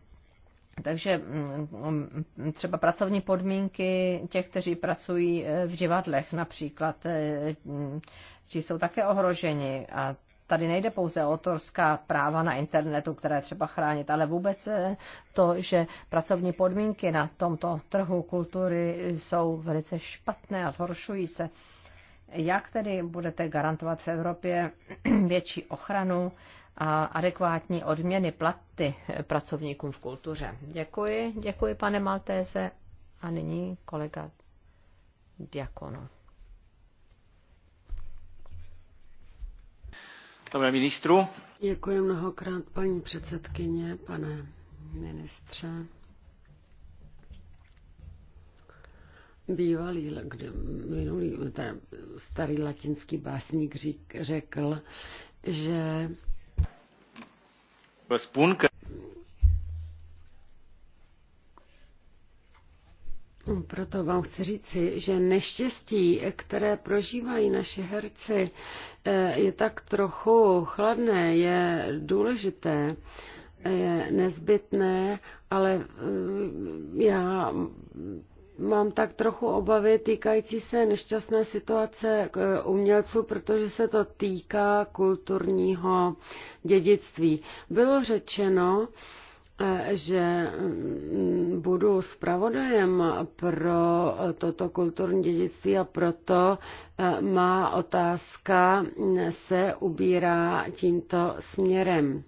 takže mm, mm, třeba pracovní podmínky těch, kteří pracují eh, v divadlech například, eh, mm, ti jsou také ohroženi a tady nejde pouze o autorská práva na internetu, které třeba chránit, ale vůbec eh, to, že pracovní podmínky na tomto trhu kultury jsou velice špatné a zhoršují se. Jak tedy budete garantovat v Evropě větší ochranu a adekvátní odměny platy pracovníkům v kultuře. Děkuji, děkuji pane Maltéze a nyní kolega Diakono. Dobré ministru. Děkuji mnohokrát paní předsedkyně, pane ministře. Bývalý, kdy, minulý, starý latinský básník řík, řekl, že Vă spun că... Proto vám chci říci, že neštěstí, které prožívají naši herci, eh, je tak trochu chladné, je důležité, je nezbytné, ale eh, já Mám tak trochu obavy týkající se nešťastné situace eh, umělců, protože se to týká kulturního dědictví. Bylo řečeno, eh, že mm, budu zpravodajem pro toto kulturní dědictví a proto eh, má otázka mm, se ubírá tímto směrem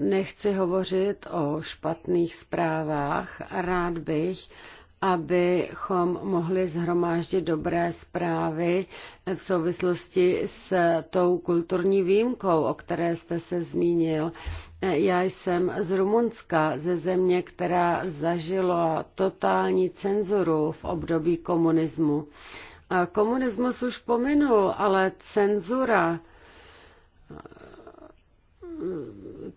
nechci hovořit o špatných zprávách. Rád bych, abychom mohli zhromáždit dobré zprávy v souvislosti s tou kulturní výjimkou, o které jste se zmínil. Já jsem z Rumunska, ze země, která zažila totální cenzuru v období komunismu. Komunismus už pominul, ale cenzura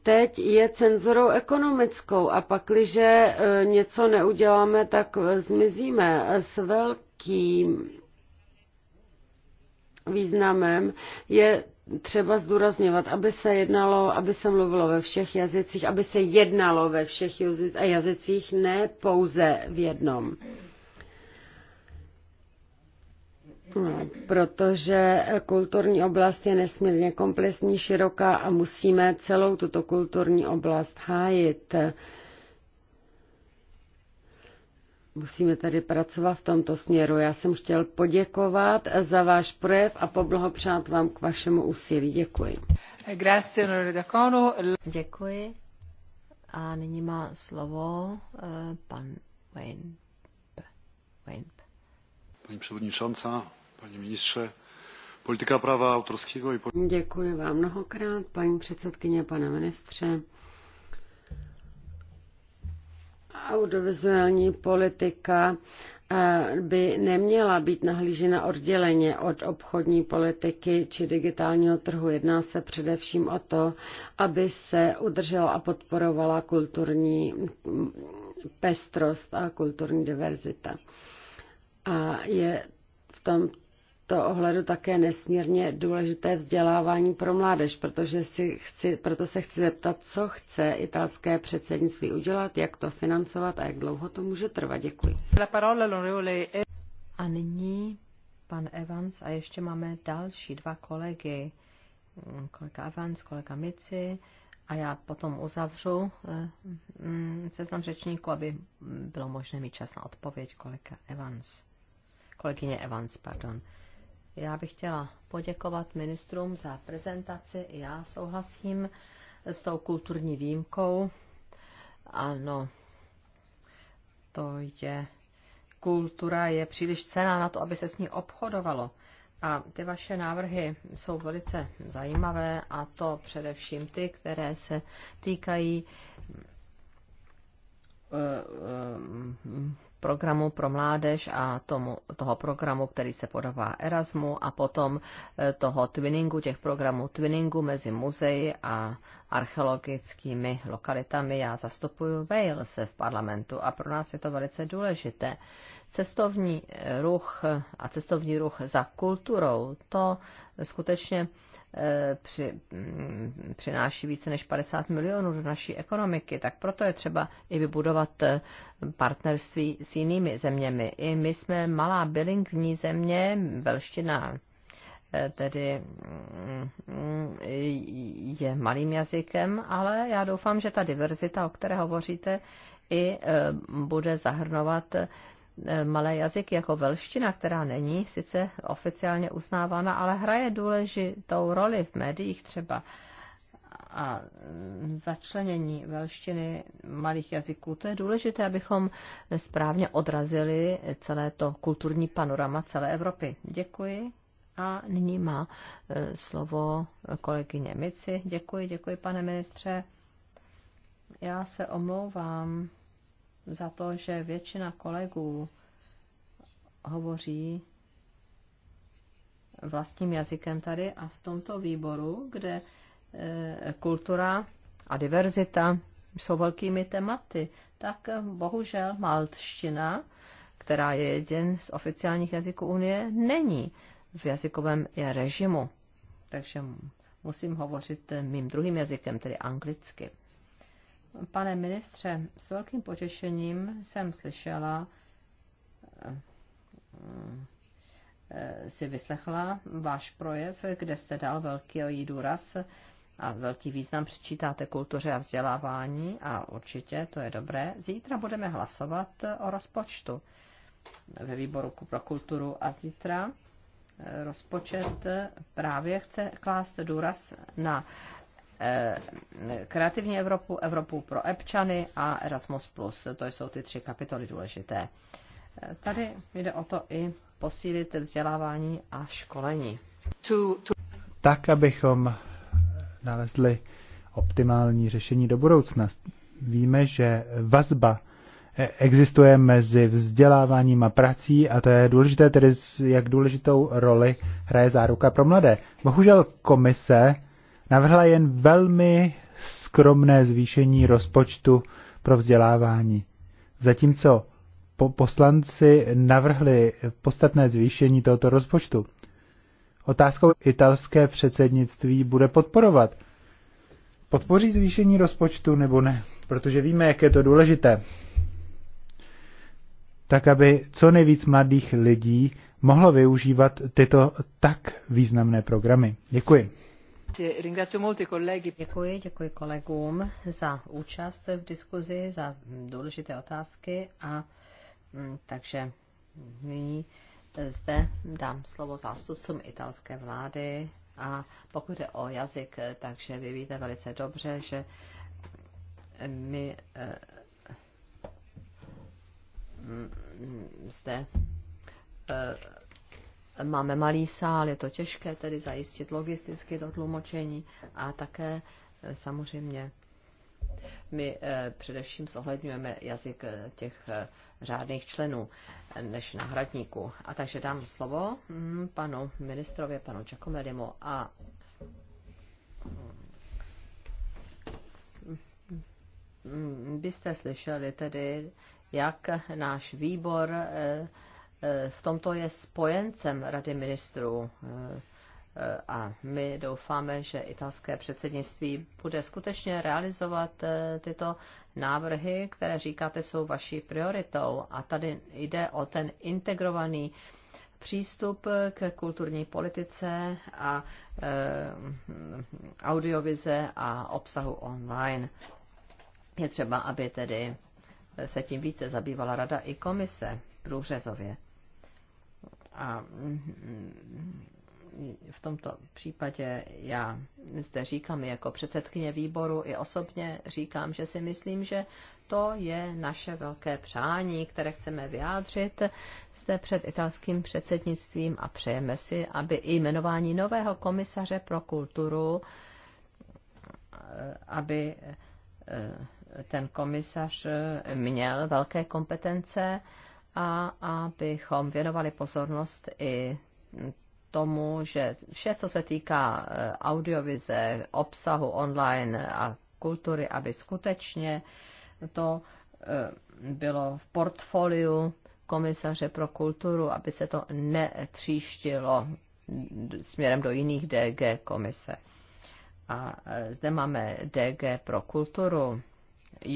teď je cenzurou ekonomickou a pakliže e, něco neuděláme, tak e, zmizíme s velkým významem je třeba zdůrazňovat, aby se jednalo, aby se mluvilo ve všech jazycích, aby se jednalo ve všech jazycích, ne pouze v jednom. No, protože kulturní oblast je nesmírně komplexní, široká a musíme celou tuto kulturní oblast hájit. Musíme tady pracovat v tomto směru. Já jsem chtěl poděkovat za váš projev a poblahopřát vám k vašemu úsilí. Děkuji. Děkuji. A nyní má slovo eh, pan Wayne. Wayne. Pani przewodnicząca, paní ministře. Politika práva autorského i... Děkuji vám mnohokrát, paní předsedkyně, pane ministře. Audiovizuální politika eh, by neměla být nahlížena odděleně od obchodní politiky či digitálního trhu. Jedná se především o to, aby se udržela a podporovala kulturní pestrost a kulturní diverzita. A je v tom tomto ohledu také nesmírně důležité vzdělávání pro mládež, protože si chci, proto se chci zeptat, co chce italské předsednictví udělat, jak to financovat a jak dlouho to může trvat. Děkuji. E- a nyní pan Evans a ještě máme další dva kolegy, mm, kolega Evans, kolega Mici a já potom uzavřu eh, mm, seznam řečníku, aby bylo možné mít čas na odpověď kolega Evans. Kolegyně Evans, pardon. Já bych chtěla poděkovat ministrům za prezentaci. Já souhlasím s tou kulturní výjimkou. Ano, to je. Kultura je příliš cená na to, aby se s ní obchodovalo. A ty vaše návrhy jsou velice zajímavé, a to především ty, které se týkají eh, eh, programu pro mládež a tomu, toho programu, který se podává Erasmu a potom eh, toho twinningu, těch programů twinningu mezi muzeji a archeologickými lokalitami. Já zastupuju Wales v parlamentu a pro nás je to velice důležité. Cestovní ruch a cestovní ruch za kulturou, to skutečně Eh, při, mm, přináší více než 50 milionů do naší ekonomiky, tak proto je třeba i vybudovat eh, partnerství s jinými zeměmi. I my jsme malá bilingvní země, velština eh, tedy mm, je malým jazykem, ale já doufám, že ta diverzita, o které hovoříte, i bude zahrnovat E, malé jazyky jako velština, která není sice oficiálně uznávána, ale hraje důležitou roli v médiích třeba a začlenění velštiny malých jazyků. To je důležité, abychom správně odrazili celé to kulturní panorama celé Evropy. Děkuji. A nyní má e, slovo kolegyně Mici. Děkuji, děkuji, pane ministře. Já se omlouvám za to, že většina kolegů hovoří vlastním jazykem tady a v tomto výboru, kde e, kultura a diverzita jsou velkými tématy, tak bohužel maltština, která je jeden z oficiálních jazyků Unie, není v jazykovém režimu. Takže musím hovořit mým druhým jazykem, tedy anglicky. Pane ministře, s velkým potěšením jsem slyšela, eh, si vyslechla váš projev, kde jste dal velký důraz a velký význam přičítáte kultuře a vzdělávání a určitě to je dobré. Zítra budeme hlasovat o rozpočtu ve výboru pro kulturu a zítra eh, rozpočet právě chce klást důraz na Eh, kreativní Evropu, Evropu pro Epčany a Erasmus+. To jsou ty tři kapitoly důležité. Eh, tady jde o to i posílit vzdělávání a školení. Tak, abychom nalezli optimální řešení do budoucna. Víme, že vazba eh, existuje mezi vzděláváním a prací a to je důležité tedy, jak důležitou roli hraje záruka pro mladé. Bohužel komise navrhla jen velmi skromné zvýšení rozpočtu pro vzdělávání. Zatímco po poslanci navrhli podstatné zvýšení tohoto rozpočtu. Otázkou italské předsednictví bude podporovat. Podpoří zvýšení rozpočtu nebo ne? Protože víme, jak je to důležité. Tak, aby co nejvíc mladých lidí mohlo využívat tyto tak významné programy. Děkuji. Děkuji, kolegům za účast v diskuzi, za důležité otázky a mm, takže nyní zde dám slovo zástupcům italské vlády a pokud jde o jazyk, takže vy víte velice dobře, že my eh, mm, zde eh, máme malý sál, je to těžké tedy zajistit logisticky to tlumočení a také e, samozřejmě my e, především zohledňujeme jazyk e, těch řádných členů než náhradníků. A takže dám slovo hm, panu ministrově, panu Čakomelimu a hm, hm, byste slyšeli tedy, jak náš výbor v tomto je spojencem Rady ministrů eh, a my doufáme, že italské předsednictví bude skutečně realizovat eh, tyto návrhy, které říkáte jsou vaší prioritou. A tady jde o ten integrovaný přístup eh, k kulturní politice a audiovize a obsahu online. Je třeba, aby tedy se tím více zabývala rada i komise průřezově. A mm, v tomto případě já zde říkám jako předsedkyně výboru i osobně říkám, že si myslím, že to je naše velké přání, které chceme vyjádřit zde před italským předsednictvím a přejeme si, aby i jmenování nového komisaře pro kulturu, aby eh, ten komisař měl velké kompetence, a abychom věnovali pozornost i tomu, že vše, co se týká eh, audiovize, obsahu online a kultury, aby skutečně to eh, bylo v portfoliu komisaře pro kulturu, aby se to netříštilo směrem do jiných DG komise. A eh, zde máme DG pro kulturu,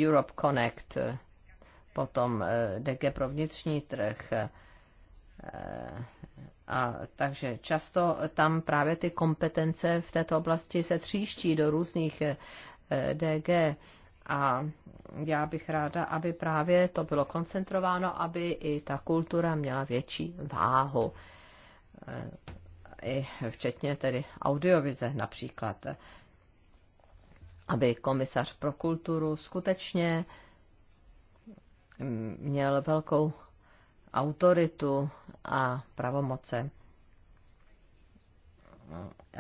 Europe Connect, potom eh, DG pro vnitřní trh. Eh, a, takže často tam právě ty kompetence v této oblasti se tříští do různých eh, DG. A já bych ráda, aby právě to bylo koncentrováno, aby i ta kultura měla větší váhu. I včetně tedy audiovize například. Aby komisař pro kulturu skutečně eh, měl velkou autoritu a pravomoce.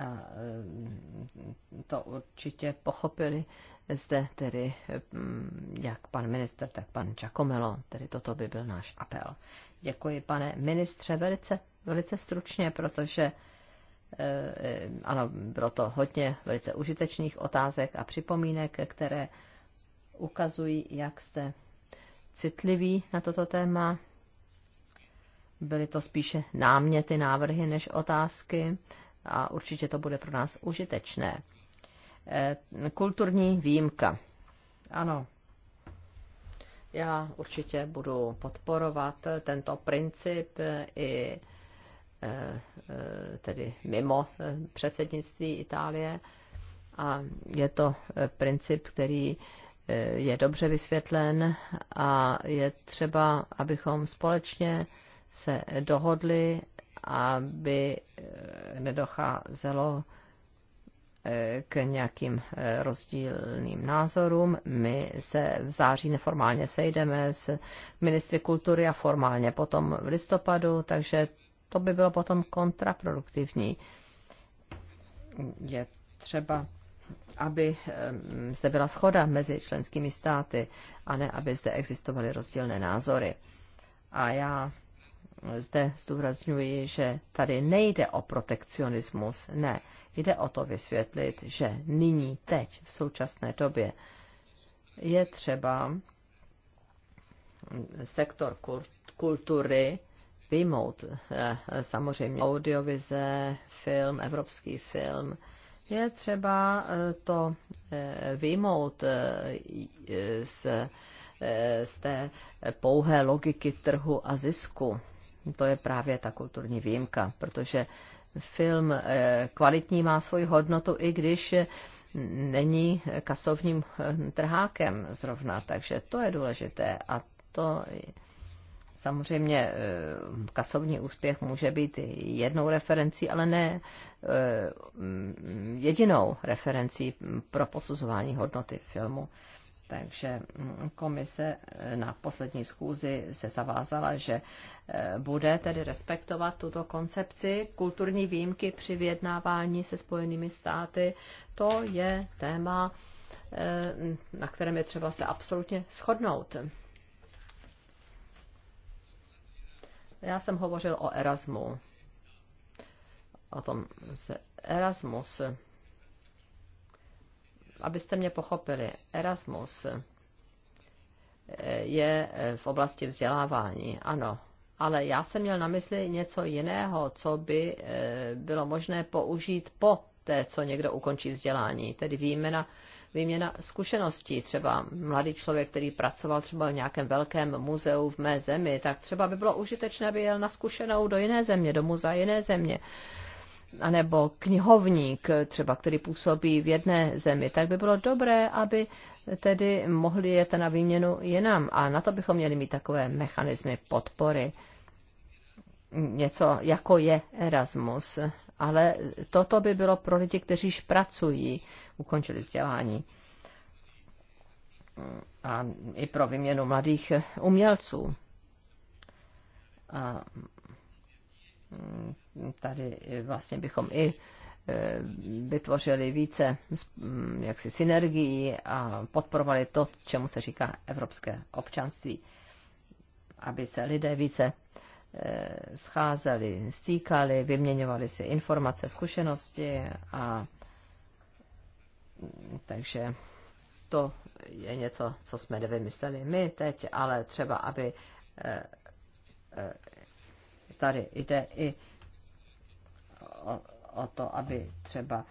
A eh, to určitě pochopili zde tedy hm, jak pan minister, tak pan Čakomelo. Tedy toto by byl náš apel. Děkuji, pane ministře, velice, velice stručně, protože eh, ano, bylo to hodně velice užitečných otázek a připomínek, které ukazují, jak jste citlivý na toto téma. Byly to spíše náměty, návrhy než otázky a určitě to bude pro nás užitečné. Eh, kulturní výjimka. Ano. Já určitě budu podporovat tento princip i eh, tedy mimo eh, předsednictví Itálie. A je to princip, který je dobře vysvětlen a je třeba, abychom společně se dohodli, aby eh, nedocházelo eh, k nějakým eh, rozdílným názorům. My se v září neformálně sejdeme s ministry kultury a formálně potom v listopadu, takže to by bylo potom kontraproduktivní. Je třeba aby zde byla schoda mezi členskými státy a ne, aby zde existovaly rozdílné názory. A já zde zdůrazňuji, že tady nejde o protekcionismus, ne. Jde o to vysvětlit, že nyní, teď, v současné době je třeba sektor kultury vyjmout eh, samozřejmě audiovize, film, evropský film, je třeba eh, to eh, vyjmout eh, z, z té pouhé logiky trhu a zisku. To je právě ta kulturní výjimka, protože film kvalitní má svoji hodnotu, i když není kasovním trhákem zrovna, takže to je důležité a to Samozřejmě eh, kasovní úspěch může být jednou referencí, ale ne eh, jedinou referencí pro posuzování hodnoty filmu. Takže mm, komise eh, na poslední schůzi se zavázala, že bude tedy respektovat tuto koncepci kulturní výjimky při vyjednávání se Spojenými státy. To je téma, na kterém je třeba se absolutně shodnout. Já jsem hovořil o Erasmu. O tom se Erasmus. Abyste mě pochopili, Erasmus eh, je eh, v oblasti vzdělávání, ano. Ale já jsem měl na mysli něco jiného, co by eh, bylo možné použít po té, co někdo ukončí vzdělání, tedy výjmena výměna zkušeností. Třeba mladý člověk, který pracoval třeba v nějakém velkém muzeu v mé zemi, tak třeba by bylo užitečné, aby jel na zkušenou do jiné země, do muzea jiné země a nebo knihovník třeba, který působí v jedné zemi, tak by bylo dobré, aby tedy mohli jet na výměnu jinam. A na to bychom měli mít takové mechanismy podpory. Něco jako je Erasmus ale toto by bylo pro lidi, kteří již pracují, ukončili vzdělání. A i pro vyměnu mladých umělců. A tady vlastně bychom i e, vytvořili více jaksi synergií a podporovali to, čemu se říká evropské občanství, aby se lidé více Eh, scházeli, stýkali, vyměňovali si informace, zkušenosti a mm, takže to je něco, co jsme nevymysleli my teď, ale třeba, aby eh, eh, tady jde i o, o to, aby třeba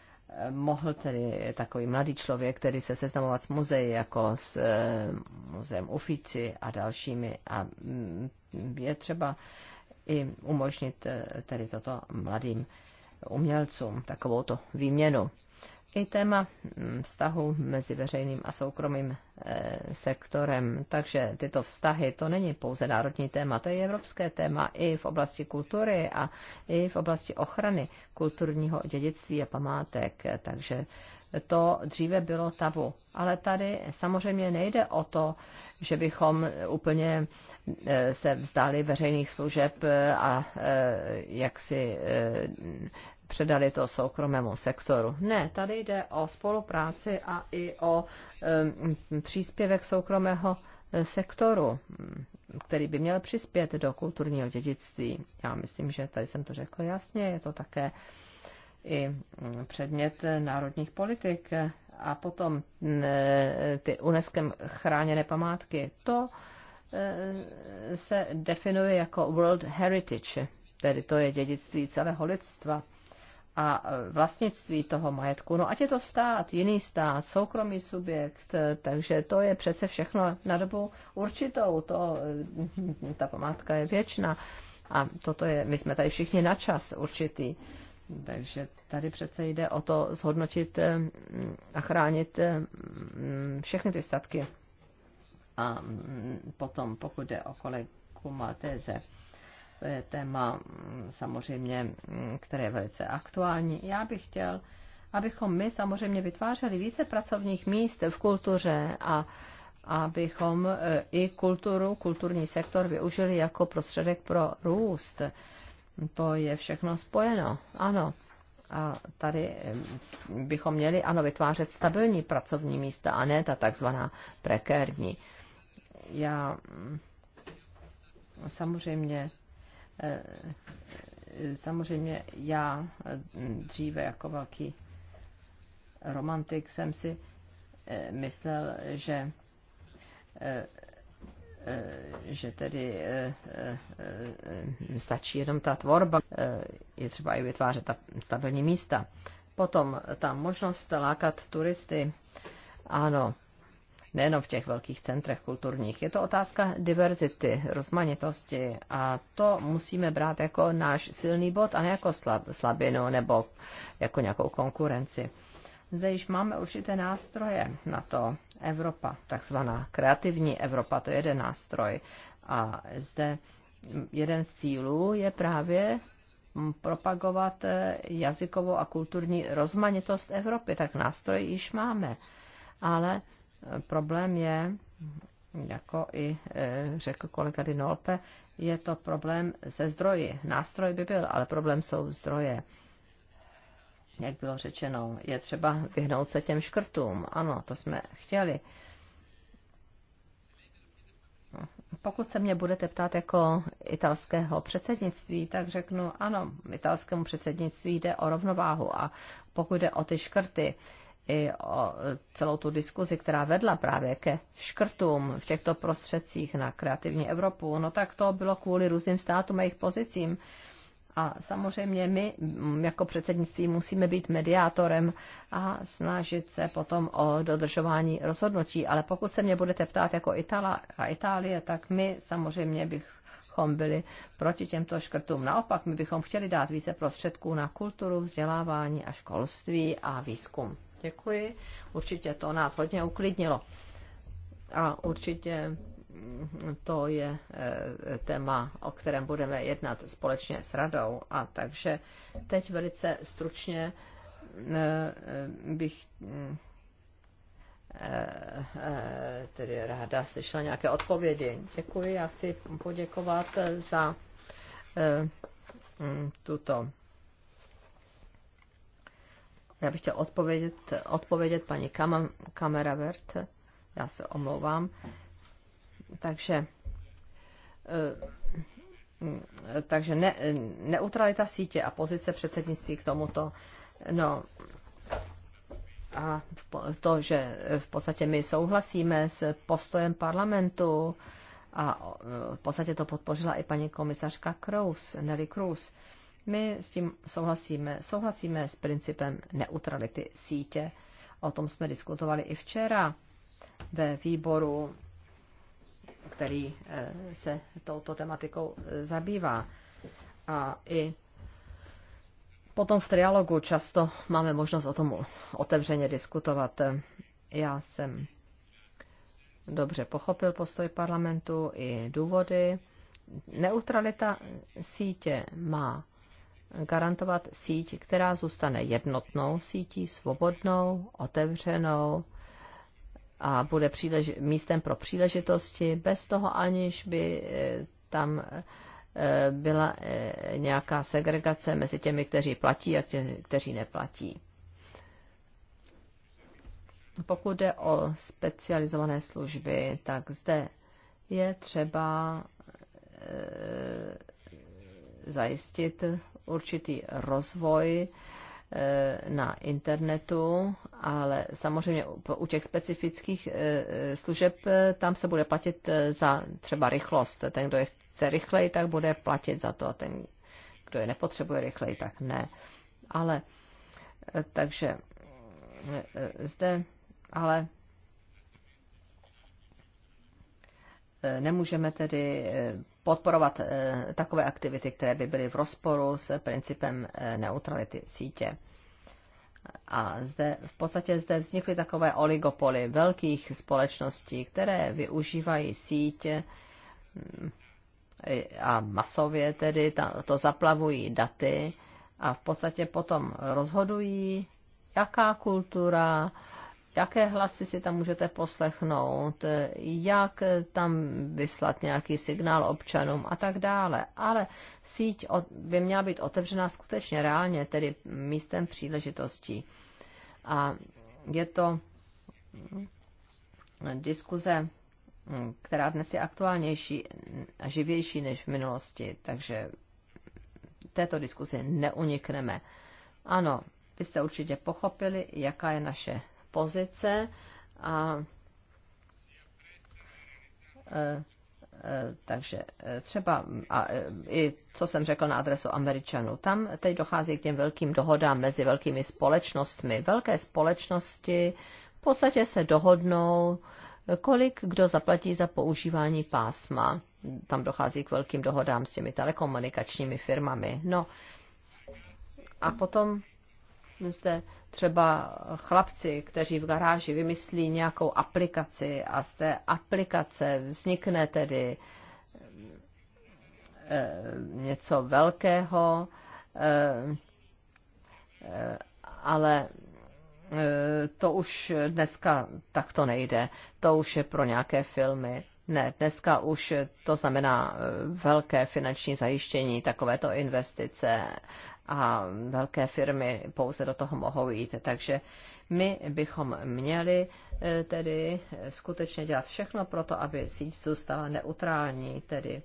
mohl tedy takový mladý člověk, který se seznamovat s muzeí, jako s eh, muzeem Ufici a dalšími. A mm, je třeba i umožnit eh, tedy toto mladým umělcům, takovou to výměnu i téma mm, vztahu mezi veřejným a soukromým eh, sektorem. Takže tyto vztahy, to není pouze národní téma, to je evropské téma i v oblasti kultury a i v oblasti ochrany kulturního dědictví a památek. Takže to dříve bylo tabu. Ale tady samozřejmě nejde o to, že bychom úplně eh, se vzdali veřejných služeb eh, a jak si předali to soukromému sektoru. Ne, tady jde o spolupráci a i o um, příspěvek soukromého eh, sektoru, mm, který by měl přispět do kulturního dědictví. Já myslím, že tady jsem to řekl jasně, je to také i mm, předmět eh, národních politik eh, a potom mm, ty UNESCO chráněné památky. To se definuje jako World Heritage, tedy to je dědictví celého lidstva a vlastnictví toho majetku. No ať je to stát, jiný stát, soukromý subjekt, takže to je přece všechno na dobu určitou, to, ta památka je věčná a toto je, my jsme tady všichni na čas určitý. Takže tady přece jde o to zhodnotit eh, a chránit eh, mm, všechny ty statky. A mm, potom, pokud jde o kolegu Malteze, to je téma mm, samozřejmě, mm, které je velice aktuální. Já bych chtěl, abychom my samozřejmě vytvářeli více pracovních míst v kultuře a abychom e, i kulturu, kulturní sektor využili jako prostředek pro růst. To je všechno spojeno, ano. A tady mm, bychom měli, ano, vytvářet stabilní pracovní místa a ne ta takzvaná prekérní. Já samozřejmě Eh, samozřejmě já eh, dříve jako velký romantik jsem si eh, myslel, že že tedy stačí jenom ta tvorba, je třeba i vytvářet ta stabilní místa. Potom ta možnost lákat turisty, ano, nejenom v těch velkých centrech kulturních. Je to otázka diverzity, rozmanitosti a to musíme brát jako náš silný bod a ne jako slab, slabinu nebo jako nějakou konkurenci. Zde již máme určité nástroje na to. Evropa, takzvaná kreativní Evropa, to je jeden nástroj. A zde jeden z cílů je právě propagovat jazykovou a kulturní rozmanitost Evropy, tak nástroj již máme. Ale problém je, jako i e, řekl kolega Dinolpe, je to problém se zdroji. Nástroj by byl, ale problém jsou zdroje. Jak bylo řečeno, je třeba vyhnout se těm škrtům. Ano, to jsme chtěli. Pokud se mě budete ptát jako italského předsednictví, tak řeknu ano, italskému předsednictví jde o rovnováhu a pokud jde o ty škrty, i o celou tu diskuzi, která vedla právě ke škrtům v těchto prostředcích na kreativní Evropu, no tak to bylo kvůli různým státům a jejich pozicím. A samozřejmě my mm, jako předsednictví musíme být mediátorem a snažit se potom o dodržování rozhodnutí. Ale pokud se mě budete ptát jako Itala a Itálie, tak my samozřejmě bychom byli proti těmto škrtům. Naopak, my bychom chtěli dát více prostředků na kulturu, vzdělávání a školství a výzkum děkuji. Určitě to nás hodně uklidnilo. A určitě to je eh, téma, o kterém budeme jednat společně s radou. A takže teď velice stručně eh, eh, bych tedy ráda slyšela nějaké odpovědi. Děkuji já chci poděkovat za tuto já bych chtěl odpovědět, odpovědět paní Kam, Kameravert, já se omlouvám. Takže, eh, takže ne, neutralita sítě a pozice předsednictví k tomuto, no, a to, že v podstatě my souhlasíme s postojem parlamentu a eh, v podstatě to podpořila i paní komisařka Kroos, Nelly Kroos, my s tím souhlasíme. Souhlasíme s principem neutrality sítě. O tom jsme diskutovali i včera ve výboru, který eh, se touto tematikou eh, zabývá. A i potom v trialogu často máme možnost o tom otevřeně diskutovat. Já jsem dobře pochopil postoj parlamentu i důvody. Neutralita sítě má garantovat síť, která zůstane jednotnou sítí, svobodnou, otevřenou a bude přílež- místem pro příležitosti, bez toho aniž by eh, tam eh, byla eh, nějaká segregace mezi těmi, kteří platí a těmi, kteří neplatí. Pokud jde o specializované služby, tak zde je třeba zajistit určitý rozvoj eh, na internetu, ale samozřejmě u těch specifických eh, eh, služeb tam se bude platit za třeba rychlost. Ten, kdo je chce rychleji, tak bude platit za to a ten, kdo je nepotřebuje rychleji, tak ne. Ale takže zde, ale nemůžeme tedy podporovat eh, takové aktivity, které by byly v rozporu s principem eh, neutrality sítě. A zde, v podstatě zde vznikly takové oligopoly velkých společností, které využívají sítě mm, a masově tedy to zaplavují daty a v podstatě potom rozhodují, jaká kultura, jaké hlasy si tam můžete poslechnout, jak tam vyslat nějaký signál občanům a tak dále. Ale síť by měla být otevřená skutečně reálně, tedy místem příležitostí. A je to diskuze, která dnes je aktuálnější a živější než v minulosti, takže této diskuzi neunikneme. Ano, vy jste určitě pochopili, jaká je naše pozice a e, e, takže e, třeba a, i co jsem řekl na adresu Američanů, tam teď dochází k těm velkým dohodám mezi velkými společnostmi. Velké společnosti v podstatě se dohodnou, kolik kdo zaplatí za používání pásma. Tam dochází k velkým dohodám s těmi telekomunikačními firmami. No a potom zde třeba chlapci, kteří v garáži vymyslí nějakou aplikaci a z té aplikace vznikne tedy eh, něco velkého, eh, eh, ale to už dneska tak to nejde. To už je pro nějaké filmy. Ne, dneska už to znamená velké finanční zajištění takovéto investice a velké firmy pouze do toho mohou jít. Takže my bychom měli e, tedy skutečně dělat všechno pro to, aby síť zůstala neutrální, tedy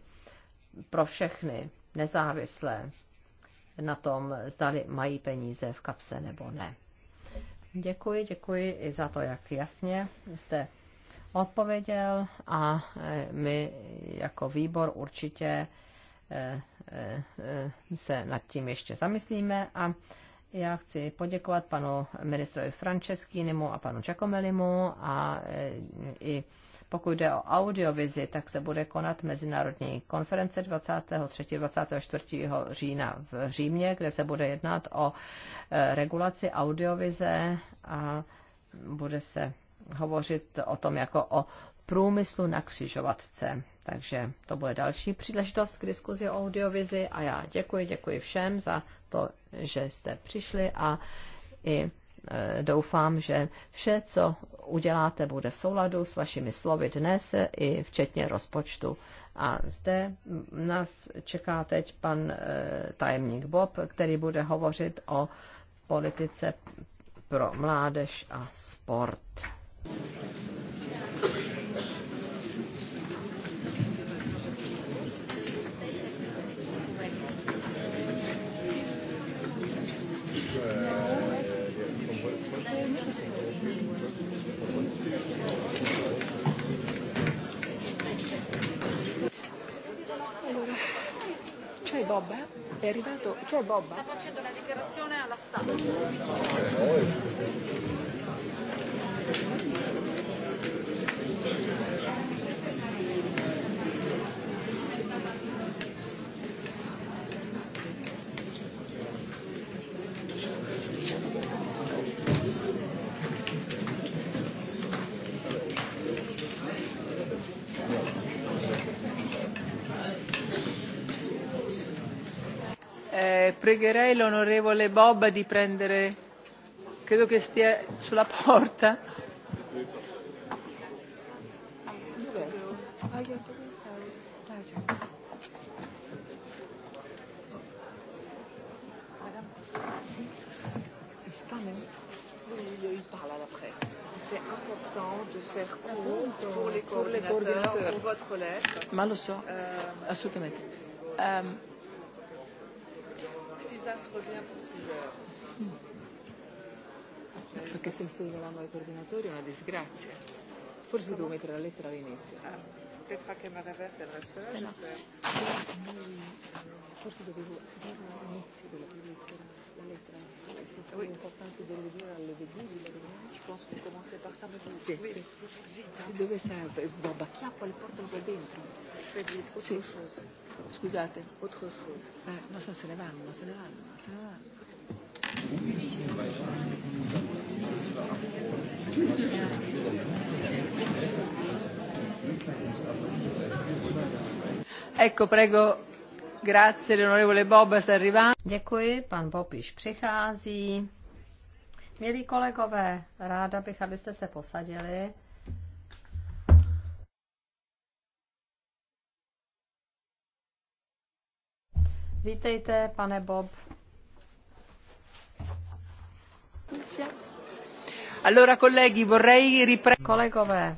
pro všechny, nezávislé na tom, zdali mají peníze v kapse nebo ne. Děkuji, děkuji i za to, jak jasně jste odpověděl a e, my jako výbor určitě e, Eh, eh, se nad tím ještě zamyslíme a já chci poděkovat panu ministrovi Franceskinimu a panu Čakomelimu a eh, i pokud jde o audiovizi, tak se bude konat mezinárodní konference 23. 24. října v Římě, kde se bude jednat o regulaci audiovize a bude se hovořit o tom jako o průmyslu na křižovatce. Takže to bude další příležitost k diskuzi o audiovizi a já děkuji, děkuji všem za to, že jste přišli a i e, doufám, že vše, co uděláte, bude v souladu s vašimi slovy dnes i včetně rozpočtu. A zde nás čeká teď pan e, tajemník Bob, který bude hovořit o politice pro mládež a sport. dai Bob, è arrivato, c'è Bob? Sta facendo una dichiarazione alla stampa. Eh, no, pregherei l'onorevole Bob di prendere, credo che stia sulla porta. Ma lo so, assolutamente. Um, revient pour 6 heures. Hm. Perché se insediavamo ai coordinatori è una disgrazia. Forse devo mettere la lettera all'inizio. Ah, Petra Kemarevert, elle restera, eh, no. j'espère forse dovevo dire all'inizio della prima lettera, la lettera è oui. importante de dire alle début de la réunion. Je pense qu'on commencer par ça, mais vous, sì, oui, sì. dove sta? Baba chiappa le porte da dentro. autre chose. Scusate. Autre chose. Eh, non so se ne vanno, se ne vanno, se ne vanno. Ecco, prego. Děkuji, pan Bob již přichází. Milí kolegové, ráda bych, abyste se posadili. Vítejte, pane Bob. Allora, colleghi, vorrei Kolegové,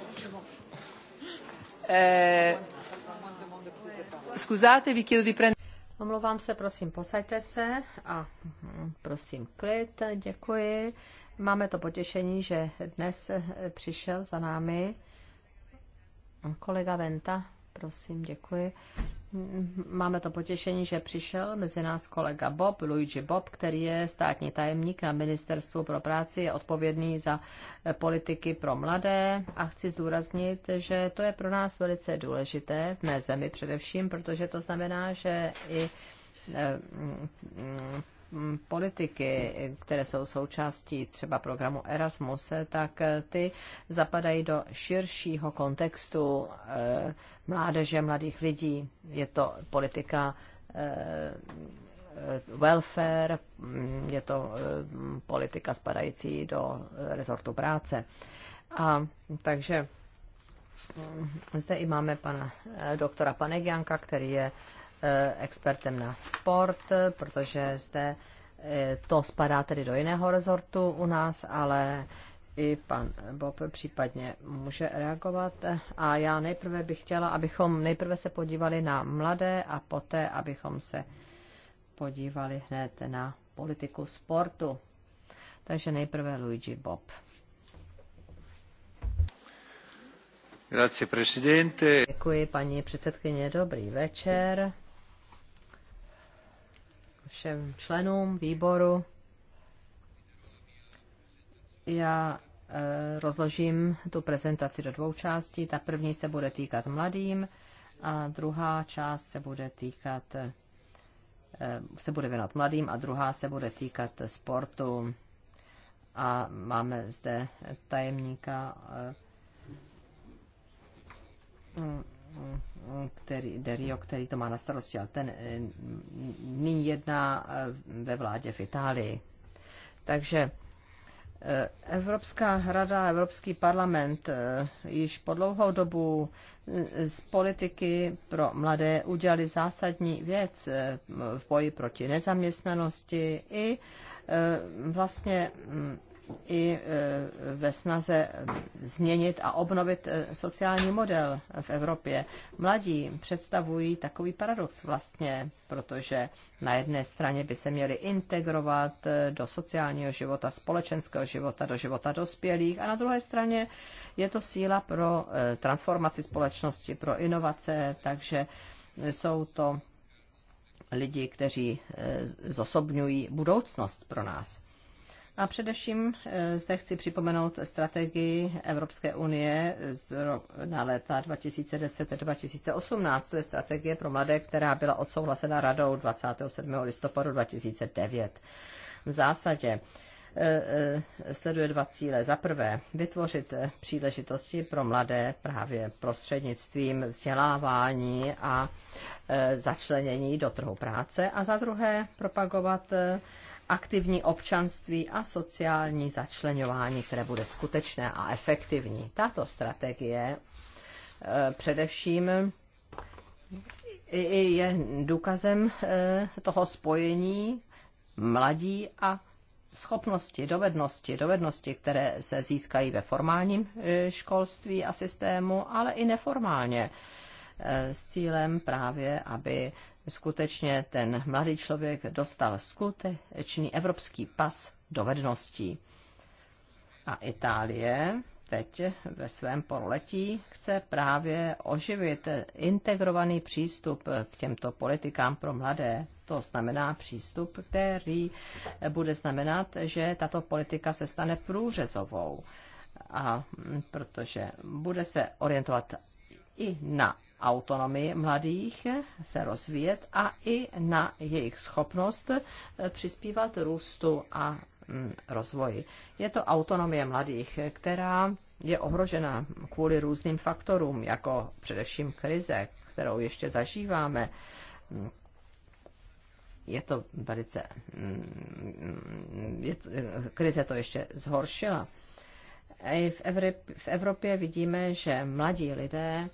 Eh, chiedo di prendere... Omlouvám se, prosím, posaďte se a hm, prosím klid, děkuji. Máme to potěšení, že dnes eh, přišel za námi kolega Venta. Prosím, děkuji. Máme to potěšení, že přišel mezi nás kolega Bob, Luigi Bob, který je státní tajemník na Ministerstvu pro práci, je odpovědný za eh, politiky pro mladé a chci zdůraznit, že to je pro nás velice důležité, v mé zemi především, protože to znamená, že i eh, mm, Mm, politiky, které jsou součástí třeba programu Erasmus, tak ty zapadají do širšího kontextu eh, mládeže, mladých lidí. Je to politika eh, eh, welfare, mm, je to politika spadající do rezortu práce. A takže mm, zde i máme pana doktora Panegianka, který je Eh, expertem na sport, protože zde eh, to spadá tedy do jiného rezortu u nás, ale i pan Bob případně může reagovat. A já nejprve bych chtěla, abychom nejprve se podívali na mladé a poté, abychom se podívali hned na politiku sportu. Takže nejprve Luigi Bob. Grazie, Děkuji, paní předsedkyně. Dobrý večer všem členům výboru. Já eh, rozložím tu prezentaci do dvou částí. Ta první se bude týkat mladým a druhá část se bude týkat eh, se bude věnovat mladým a druhá se bude týkat sportu. A máme zde tajemníka eh, který, Derio, který to má na starosti, ale ten eh, nyní jedná eh, ve vládě v Itálii. Takže eh, Evropská rada, Evropský parlament již po dlouhou dobu z politiky pro mladé udělali zásadní věc v boji proti nezaměstnanosti i vlastně mm, i e, ve snaze změnit a obnovit e, sociální model v Evropě. Mladí představují takový paradox vlastně, protože na jedné straně by se měli integrovat e, do sociálního života, společenského života, do života dospělých a na druhé straně je to síla pro transformaci společnosti, pro inovace, takže jsou to lidi, kteří zosobňují budoucnost pro nás. A především eh, zde chci připomenout strategii Evropské unie na léta 2010-2018. To je strategie pro mladé, která byla odsouhlasena radou 27. listopadu 2009. V zásadě eh, eh, sleduje dva cíle. Za prvé, vytvořit příležitosti pro mladé právě prostřednictvím vzdělávání a začlenění do trhu práce. A za druhé, propagovat aktivní občanství a sociální začlenování, které bude skutečné a efektivní. Tato strategie eh, především je důkazem eh, toho spojení mladí a schopnosti, dovednosti, dovednosti, které se získají ve formálním eh, školství a systému, ale i neformálně s cílem právě, aby skutečně ten mladý člověk dostal skutečný evropský pas dovedností. A Itálie teď ve svém pololetí chce právě oživit integrovaný přístup k těmto politikám pro mladé. To znamená přístup, který bude znamenat, že tato politika se stane průřezovou, a protože bude se orientovat i na autonomii mladých se rozvíjet a i na jejich schopnost eh, přispívat růstu a mm, rozvoji. Je to autonomie mladých, která je ohrožena kvůli různým faktorům, jako především krize, kterou ještě zažíváme. Je to velice. Mm, je to, krize to ještě zhoršila. I v Evropě vidíme, že mladí lidé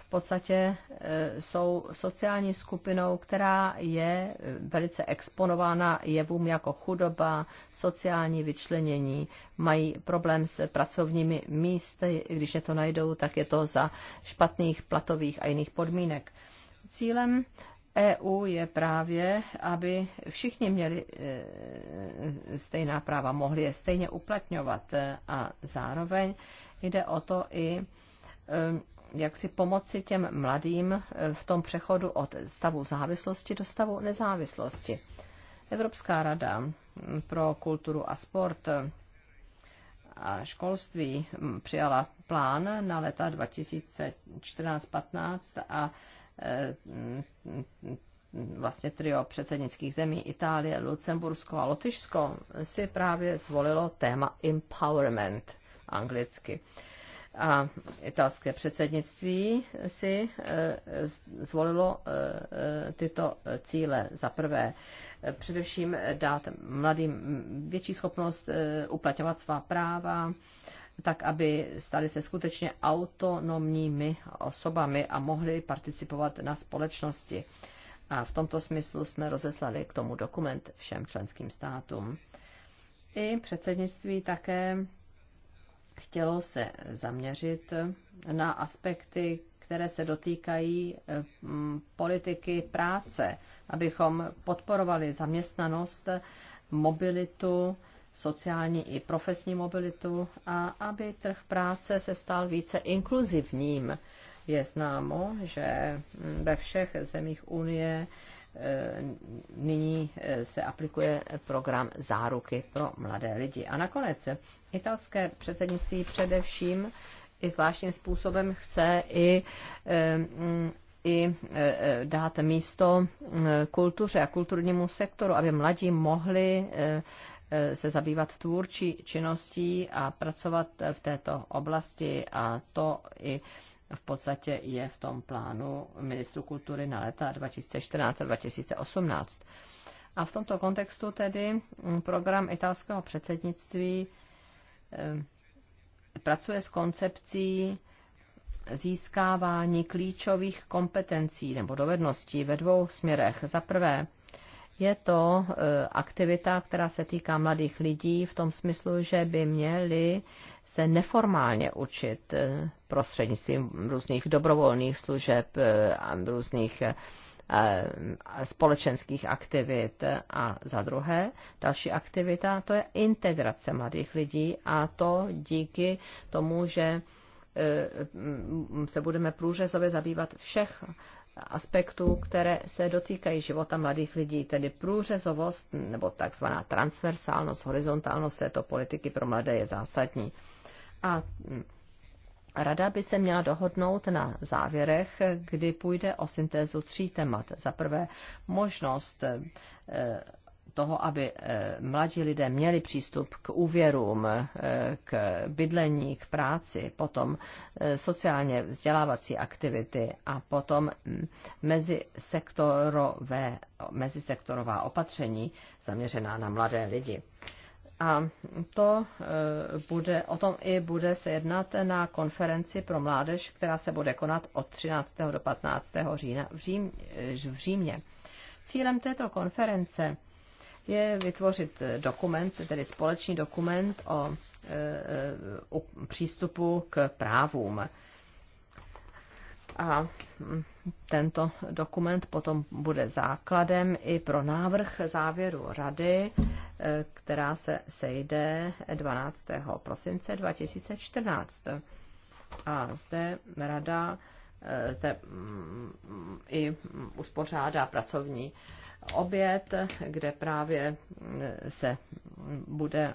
v podstatě eh, jsou sociální skupinou, která je eh, velice exponována jevům jako chudoba, sociální vyčlenění, mají problém s pracovními místy, když něco najdou, tak je to za špatných platových a jiných podmínek. Cílem EU je právě, aby všichni měli eh, stejná práva, mohli je stejně uplatňovat a zároveň jde o to i jak si pomoci těm mladým eh, v tom přechodu od stavu závislosti do stavu nezávislosti. Evropská rada hm, pro kulturu a sport eh, a školství hm, přijala plán na leta 2014-15 a eh, hm, vlastně trio předsednických zemí Itálie, Lucembursko a Lotyšsko si právě zvolilo téma empowerment anglicky. A italské předsednictví si e, zvolilo e, e, tyto cíle. Za prvé, především dát mladým větší schopnost uplatňovat svá práva, tak aby stali se skutečně autonomními osobami a mohli participovat na společnosti. A v tomto smyslu jsme rozeslali k tomu dokument všem členským státům. I předsednictví také chtělo se zaměřit na aspekty, které se dotýkají mm, politiky práce, abychom podporovali zaměstnanost, mobilitu, sociální i profesní mobilitu a aby trh práce se stal více inkluzivním. Je známo, že ve všech zemích Unie Eh, nyní eh, se aplikuje program záruky pro mladé lidi. A nakonec italské předsednictví především i zvláštním způsobem chce i eh, i dát místo kultuře a kulturnímu sektoru, aby mladí mohli se zabývat tvůrčí činností a pracovat v této oblasti a to i v podstatě je v tom plánu ministru kultury na leta 2014 a 2018. A v tomto kontextu tedy program italského předsednictví eh, pracuje s koncepcí získávání klíčových kompetencí nebo dovedností ve dvou směrech. Za prvé, je to e, aktivita, která se týká mladých lidí v tom smyslu, že by měli se neformálně učit e, prostřednictvím různých dobrovolných služeb e, a různých společenských aktivit a za druhé další aktivita, to je integrace mladých lidí a to díky tomu, že se budeme průřezově zabývat všech aspektů, které se dotýkají života mladých lidí, tedy průřezovost nebo takzvaná transversálnost, horizontálnost této politiky pro mladé je zásadní. A mm, Rada by se měla dohodnout na závěrech, kdy půjde o syntézu tří témat. Za prvé možnost eh, toho, aby eh, mladí lidé měli přístup k úvěrům, eh, k bydlení, k práci, potom eh, sociálně vzdělávací aktivity a potom mm, mezisektorové, mezisektorová opatření zaměřená na mladé lidi. A to bude, o tom i bude se jednat na konferenci pro mládež, která se bude konat od 13. do 15. října v, Řím, v Římě. Cílem této konference je vytvořit dokument, tedy společný dokument o, o e, e, přístupu k právům. A mm, tento dokument potom bude základem i pro návrh závěru rady, e, která se sejde 12. prosince 2014. A zde rada te, mm, i uspořádá pracovní oběd, kde právě se bude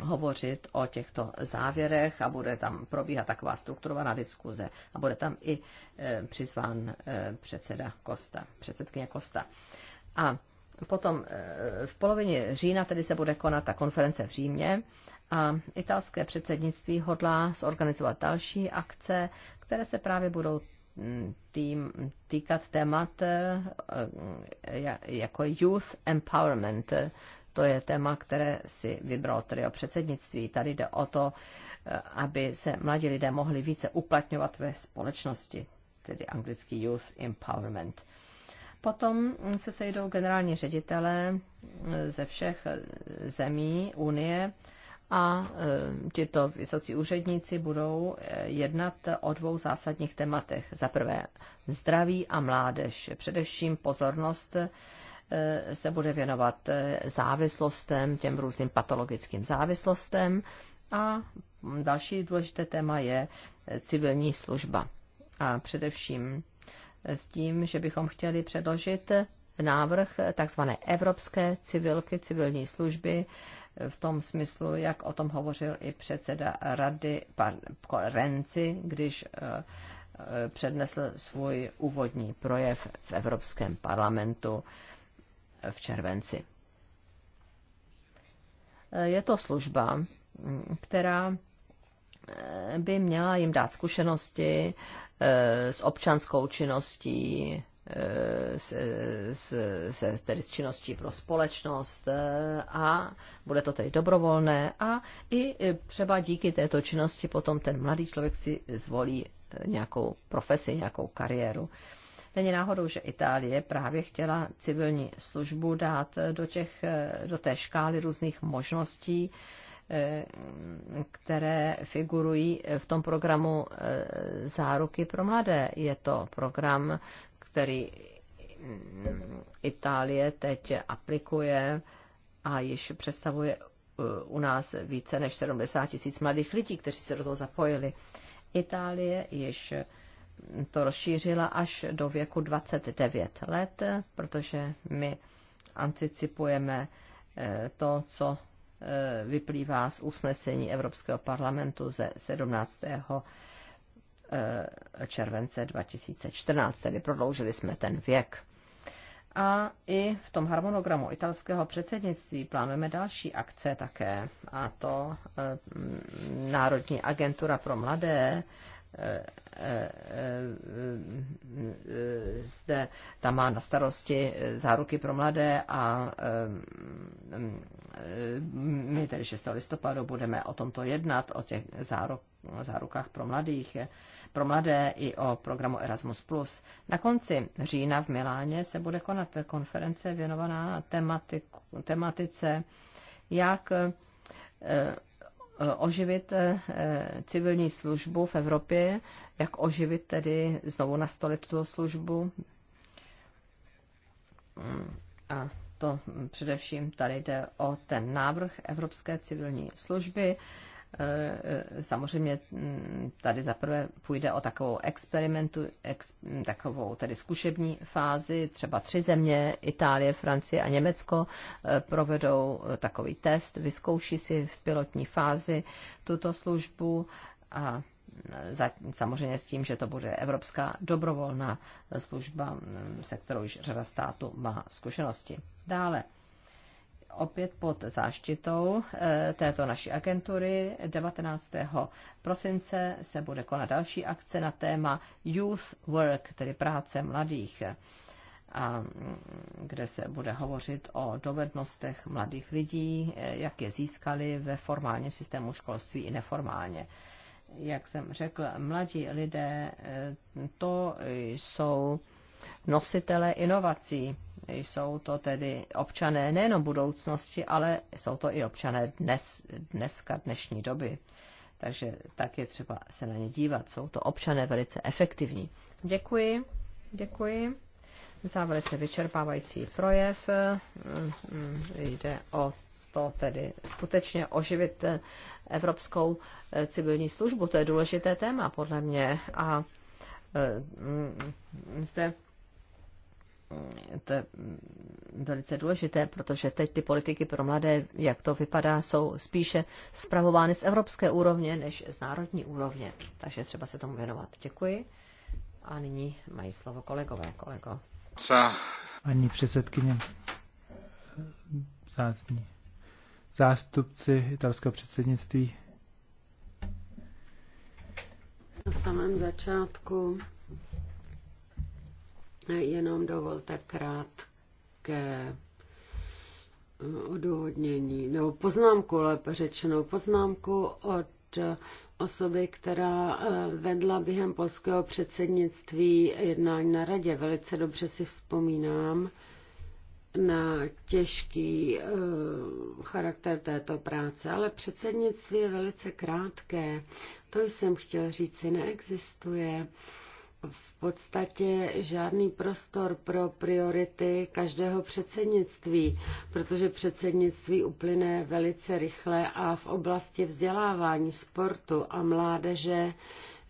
hovořit o těchto závěrech a bude tam probíhat taková strukturovaná diskuze a bude tam i eh, přizván eh, předseda Kosta, předsedkyně Kosta. A potom eh, v polovině října tedy se bude konat ta konference v Římě a italské předsednictví hodlá zorganizovat další akce, které se právě budou tý, týkat témat eh, jako youth empowerment. To je téma, které si vybral tady o předsednictví. Tady jde o to, eh, aby se mladí lidé mohli více uplatňovat ve společnosti, tedy anglický youth empowerment. Potom se sejdou generální ředitele ze všech eh, zemí Unie, a eh, tito vysocí úředníci budou eh, jednat o dvou zásadních tématech. Za prvé zdraví a mládež. Především pozornost eh, se bude věnovat závislostem, těm různým patologickým závislostem. A další důležité téma je civilní služba. A především s tím, že bychom chtěli předložit návrh takzvané evropské civilky, civilní služby, v tom smyslu, jak o tom hovořil i předseda rady pan Renci, když eh, eh, přednesl svůj úvodní projev v Evropském parlamentu eh, v červenci. Je to služba, mm, která by měla jim dát zkušenosti s občanskou činností, se, se, tedy s činností pro společnost e, a bude to tedy dobrovolné a i třeba díky této činnosti potom ten mladý člověk si zvolí e, nějakou profesi, nějakou kariéru. Není náhodou, že Itálie právě chtěla civilní službu dát do, těch, e, do té škály různých možností, které figurují v tom programu Záruky pro mladé. Je to program, který mm, Itálie teď aplikuje a již představuje uh, u nás více než 70 tisíc mladých lidí, kteří se do toho zapojili. Itálie již to rozšířila až do věku 29 let, protože my anticipujeme eh, to, co eh, vyplývá z usnesení Evropského parlamentu ze 17. Eh, července 2014, tedy prodloužili jsme ten věk. A i v tom harmonogramu italského předsednictví plánujeme další akce také, a to eh, Národní agentura pro mladé eh, zde tam má na starosti záruky pro mladé a my tedy 6. listopadu budeme o tomto jednat, o těch záruk, zárukách pro mladých pro mladé i o programu Erasmus+. Na konci října v Miláně se bude konat konference věnovaná tematiku, tematice, jak e, e, oživit e, civilní službu v Evropě, jak oživit tedy znovu nastolit tu službu. A to především tady jde o ten návrh Evropské civilní služby, Eh, samozřejmě mm, tady zaprvé půjde o takovou experimentu, ex, takovou tedy zkušební fázi. Třeba tři země, Itálie, Francie a Německo, eh, provedou eh, takový test, vyzkouší si v pilotní fázi tuto službu a za, samozřejmě s tím, že to bude evropská dobrovolná služba, mm, se kterou již řada států má zkušenosti. Dále opět pod záštitou eh, této naší agentury. 19. prosince se bude konat další akce na téma Youth Work, tedy práce mladých, a kde se bude hovořit o dovednostech mladých lidí, eh, jak je získali ve formálním systému školství i neformálně jak jsem řekl, mladí lidé eh, to jsou nositele inovací jsou to tedy občané nejenom budoucnosti, ale jsou to i občané dnes, dneska, dnešní doby. Takže tak je třeba se na ně dívat. Jsou to občané velice efektivní. Děkuji, děkuji za velice vyčerpávající projev. Jde o to tedy skutečně oživit evropskou civilní službu. To je důležité téma podle mě. A e, zde to je mm, velice důležité, protože teď ty politiky pro mladé, jak to vypadá, jsou spíše zpravovány z evropské úrovně než z národní úrovně. Takže třeba se tomu věnovat. Děkuji. A nyní mají slovo kolegové. Kolego. Co? Ani předsedkyně, zásní. zástupci italského předsednictví. Na samém začátku Jenom dovolte krátké eh, odůvodnění, nebo poznámku, lépe řečeno, poznámku od osoby, která eh, vedla během polského předsednictví jednání na radě. Velice dobře si vzpomínám na těžký eh, charakter této práce, ale předsednictví je velice krátké. To jsem chtěl říci, neexistuje v podstatě žádný prostor pro priority každého předsednictví, protože předsednictví uplyne velice rychle a v oblasti vzdělávání, sportu a mládeže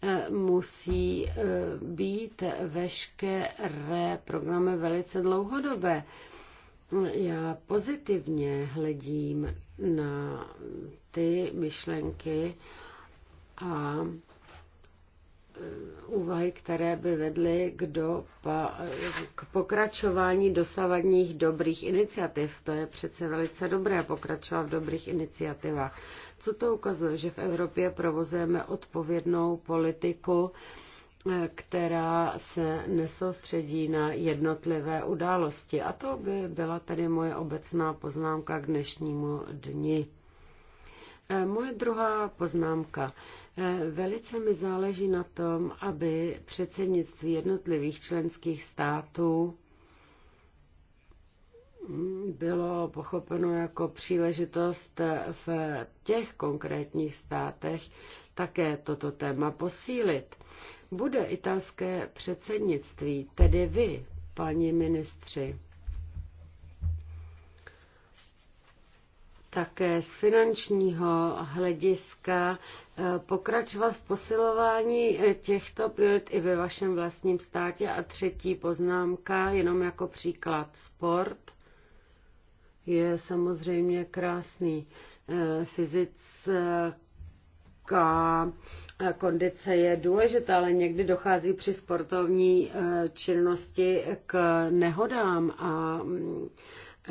eh, musí eh, být veškeré programy velice dlouhodobé. Já pozitivně hledím na ty myšlenky a úvahy, které by vedly k, do, pa, k pokračování dosavadních dobrých iniciativ. To je přece velice dobré pokračovat v dobrých iniciativách. Co to ukazuje? Že v Evropě provozujeme odpovědnou politiku, eh, která se nesoustředí na jednotlivé události. A to by byla tedy moje obecná poznámka k dnešnímu dni. E, moje druhá poznámka. E, velice mi záleží na tom, aby předsednictví jednotlivých členských států bylo pochopeno jako příležitost v těch konkrétních státech také toto téma posílit. Bude italské předsednictví, tedy vy, paní ministři, také z finančního hlediska eh, pokračovat v posilování eh, těchto priorit i ve vašem vlastním státě. A třetí poznámka, jenom jako příklad, sport je samozřejmě krásný. Eh, fyzická kondice je důležitá, ale někdy dochází při sportovní činnosti k nehodám a mm,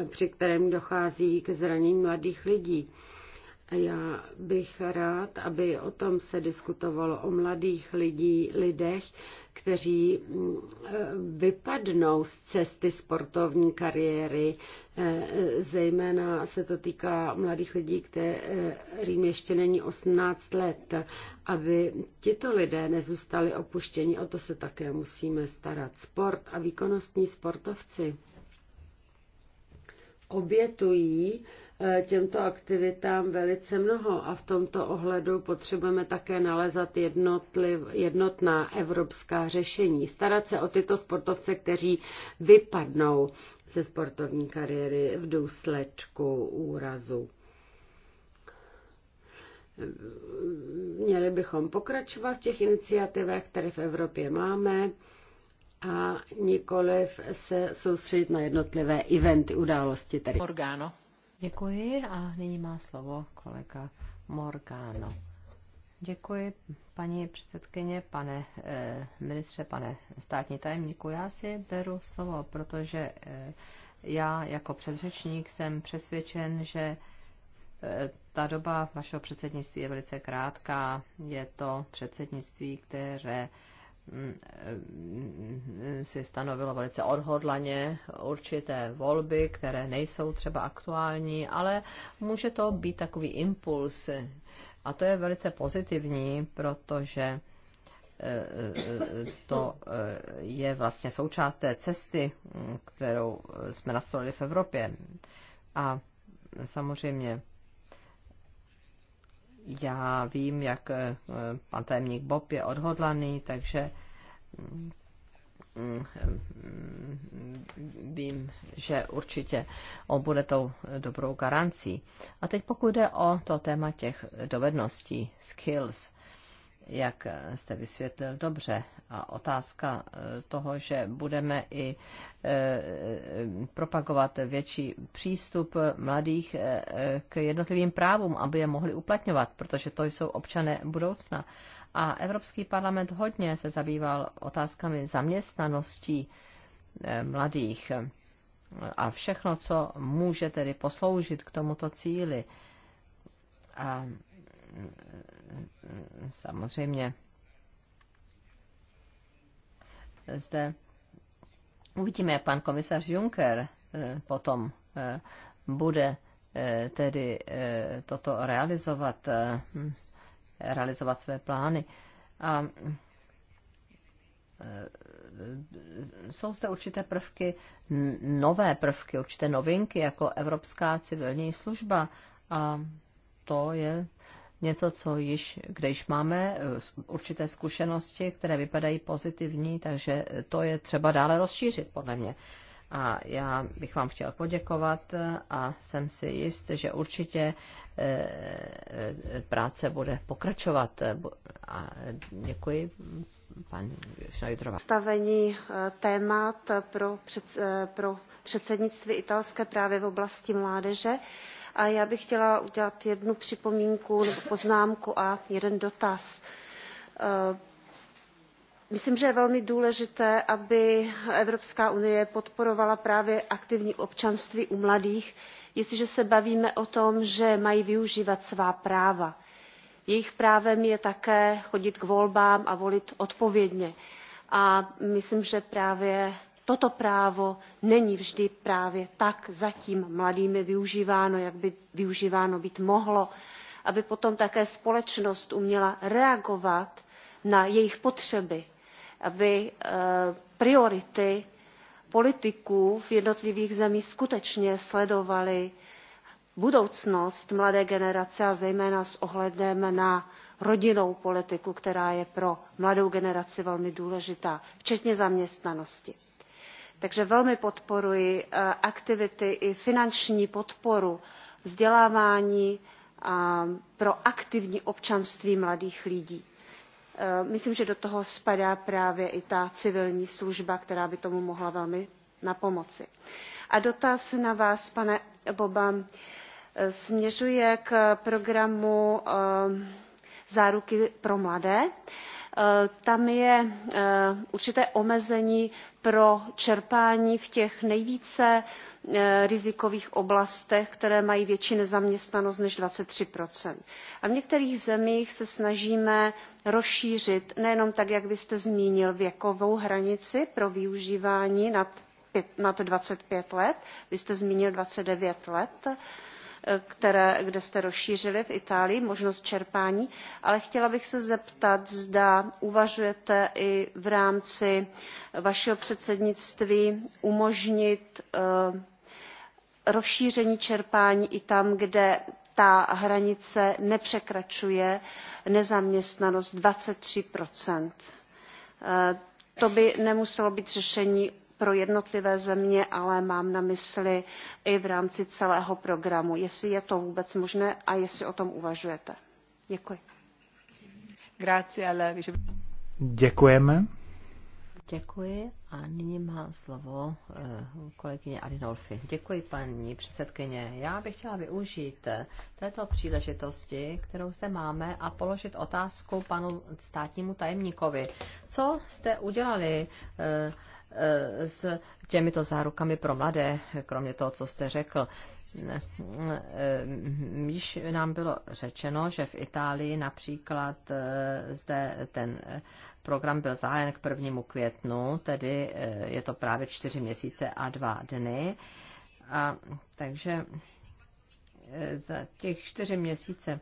při kterém dochází k zranění mladých lidí. Já bych rád, aby o tom se diskutovalo, o mladých lidí, lidech, kteří mm, eh, vypadnou z cesty sportovní kariéry. Eh, eh, zejména se to týká mladých lidí, kterým ještě není 18 let, aby tito lidé nezůstali opuštěni. O to se také musíme starat. Sport a výkonnostní sportovci obětují eh, těmto aktivitám velice mnoho a v tomto ohledu potřebujeme také nalezat jednotliv, jednotná evropská řešení. Starat se o tyto sportovce, kteří vypadnou ze sportovní kariéry v důsledku úrazu. Měli bychom pokračovat v těch iniciativách, které v Evropě máme a nikoliv se soustředit na jednotlivé eventy, události tady. Morgano. Děkuji a nyní má slovo kolega Morgano. Děkuji, paní předsedkyně, pane eh, ministře, pane státní tajemníku. Já si beru slovo, protože eh, já jako předřečník jsem přesvědčen, že eh, ta doba vašeho předsednictví je velice krátká. Je to předsednictví, které si stanovilo velice odhodlaně určité volby, které nejsou třeba aktuální, ale může to být takový impuls. A to je velice pozitivní, protože e, e, to e, je vlastně součást té cesty, kterou jsme nastolili v Evropě. A samozřejmě já vím, jak eh, pan tajemník Bob je odhodlaný, takže mm, mm, vím, že určitě on bude tou dobrou garancí. A teď pokud jde o to téma těch dovedností, skills, jak jste vysvětlil dobře. A otázka eh, toho, že budeme i eh, propagovat větší přístup mladých eh, k jednotlivým právům, aby je mohli uplatňovat, protože to jsou občané budoucna. A Evropský parlament hodně se zabýval otázkami zaměstnanosti mladých a všechno, co může tedy posloužit k tomuto cíli. A samozřejmě zde uvidíme, jak pan komisař Juncker eh, potom eh, bude eh, tedy toto realizovat, realizovat své plány. A jsou zde určité prvky, nové prvky, určité novinky, jako Evropská civilní služba. A to je něco, co již, kde již máme eh, určité zkušenosti, které vypadají pozitivní, takže eh, to je třeba dále rozšířit, podle mě. A já bych vám chtěl poděkovat eh, a jsem si jist, že určitě práce bude pokračovat. A děkuji paní Šnajdrová. Stavení témat pro, před, pro předsednictví italské právě v oblasti mládeže a já bych chtěla udělat jednu připomínku nebo poznámku a jeden dotaz. Eh, myslím že je velmi důležité aby evropská unie podporovala právě aktivní občanství u mladých jestliže se bavíme o tom že mají využívat svá práva. jejich právem je také chodit k volbám a volit odpovědně a myslím že právě toto právo není vždy právě tak zatím mladými využíváno jak by využíváno být mohlo aby potom také společnost uměla reagovat na jejich potřeby aby eh, priority politiků v jednotlivých zemích skutečně sledovaly budoucnost mladé generace a zejména s ohledem na rodinnou politiku která je pro mladou generaci velmi důležitá včetně zaměstnanosti takže velmi podporuji eh, aktivity i finanční podporu vzdělávání eh, pro aktivní občanství mladých lidí. Eh, myslím že do toho spadá právě i ta civilní služba která by tomu mohla velmi napomoci. a dotaz na vás pane boban směřuje k programu záruky pro mladé. Eh, tam je eh, určité omezení pro čerpání v těch nejvíce eh, rizikových oblastech které mají větší nezaměstnanost než twenty three a v některých zemích se snažíme rozšířit nejenom tak jak vy jste zmínil věkovou hranici pro využívání nad twenty five let vy jste zmínil twenty nine let kde jste rozšířili v Itálii možnost čerpání, ale chtěla bych se zeptat, zda uvažujete i v rámci vašeho předsednictví umožnit eh, rozšíření čerpání i tam, kde ta hranice nepřekračuje nezaměstnanost 23 eh, to by nemuselo být řešení pro jednotlivé země, ale mám na mysli i v rámci celého programu, jestli je to vůbec možné a jestli o tom uvažujete. Děkuji. Děkujeme. Děkuji a nyní má slovo eh, kolegyně Adinolfi. Děkuji, paní předsedkyně. Já bych chtěla využít eh, této příležitosti, kterou zde máme, a položit otázku panu státnímu tajemníkovi. Co jste udělali eh, s těmito zárukami pro mladé, kromě toho, co jste řekl. Již nám bylo řečeno, že v Itálii například eh, zde ten eh, program byl zahájen k 1. květnu, tedy eh, je to právě čtyři měsíce a dva dny. A takže za těch čtyři měsíce